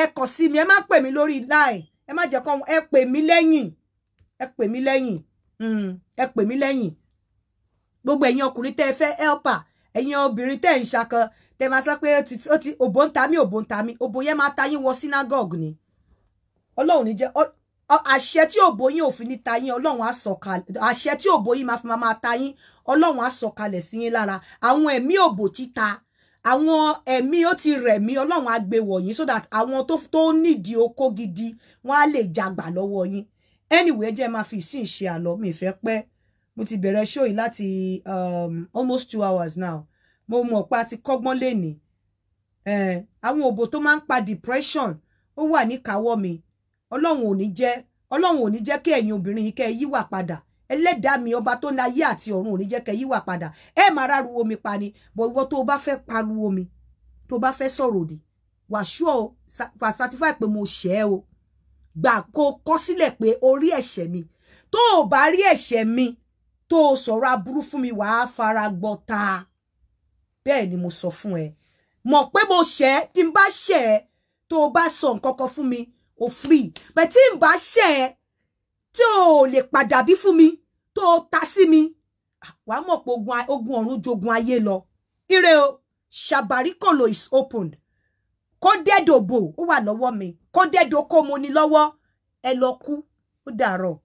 ẹ kàn sí mi ẹ má pè mí lórí láì ẹ má jẹ́ kọ́ ẹ pè mí lẹ́yìn ẹ pè mí lẹ́yìn hmm, ẹ pè mí lẹ́yìn gbogbo ẹ̀yin ọkùnrin tẹ ẹ fẹ́ helper Ẹyin obìnrin tẹ ẹ ń ṣakan tẹ́ máa sọ pé ó ti òbò ń ta mí òbò ń ta mí òbò yẹn máa ta yín wọ synagogue ni ọlọ́run ní jẹ́ àṣẹ tí òbò yín òfin ní ta yín ọlọ́run á àṣẹ tí òbò yín máa fi máa ta yín ọlọ́run á sí yín lára àwọn ẹ̀mí òbò títa àwọn ẹ̀mí ó ti rẹ̀ ọlọ́run á wọ̀nyí so that àwọn tó tó nídìí okó gidi wọ́n á lè jagbà lọ́wọ́ yín anyway jẹ́ máa fi ìsìn ṣe àlọ́ mi ìfẹ́ pẹ́ mo ti bẹ̀rẹ̀ show yìí láti um, almost two hours now mo mọ̀ pé a ti kọ́gbọ́n lénìí àwọn òbò tó máa ń pa depression ó wà níkàáwọ́ mi ọlọ́run ò ní jẹ́ ọlọ́run ò ní jẹ́ kí ẹ̀yin obìnrin yìí kẹ́ ẹ yíwà padà ẹlẹ́dàá mi ọba tó ní ayé àti ọ̀run ò ní jẹ́ kẹ́ ẹ yíwà padà ẹ máa ráru omi pa ni bọ̀ ìwọ tó o bá fẹ́ paru omi tó o bá fẹ́ sọ̀rọ̀ òdì wàṣọ wà certify pé mo ṣẹ̀ o gbà kó kọ sílẹ̀ pé orí ẹ̀ṣẹ̀ mi tó o bá rí ẹ̀ṣẹ̀ mi tó o sọ̀rọ̀ aburú fún mi wàá fara gbọ́ta bẹ́ẹ̀ ni mo sọ fún ẹ mọ̀ pé mo ṣẹ̀ ẹ́ tí n bá ṣẹ̀ ẹ́ tó o bá sọ nǹkan kan fún mi o free but tí n bá ṣẹ̀ ẹ́ tí o lè padà bí fún mi tó o ta sí mi wàá mọ̀ pé ogun ọ̀run jogun ayé lọ ire o ṣàbàríkòlò is opened kọ́dẹ́dòbò ó wà lọ́wọ́ mi kọ́dẹ́dòkó mo ní lọ́wọ́ ẹ lọ kú ó dàrọ̀.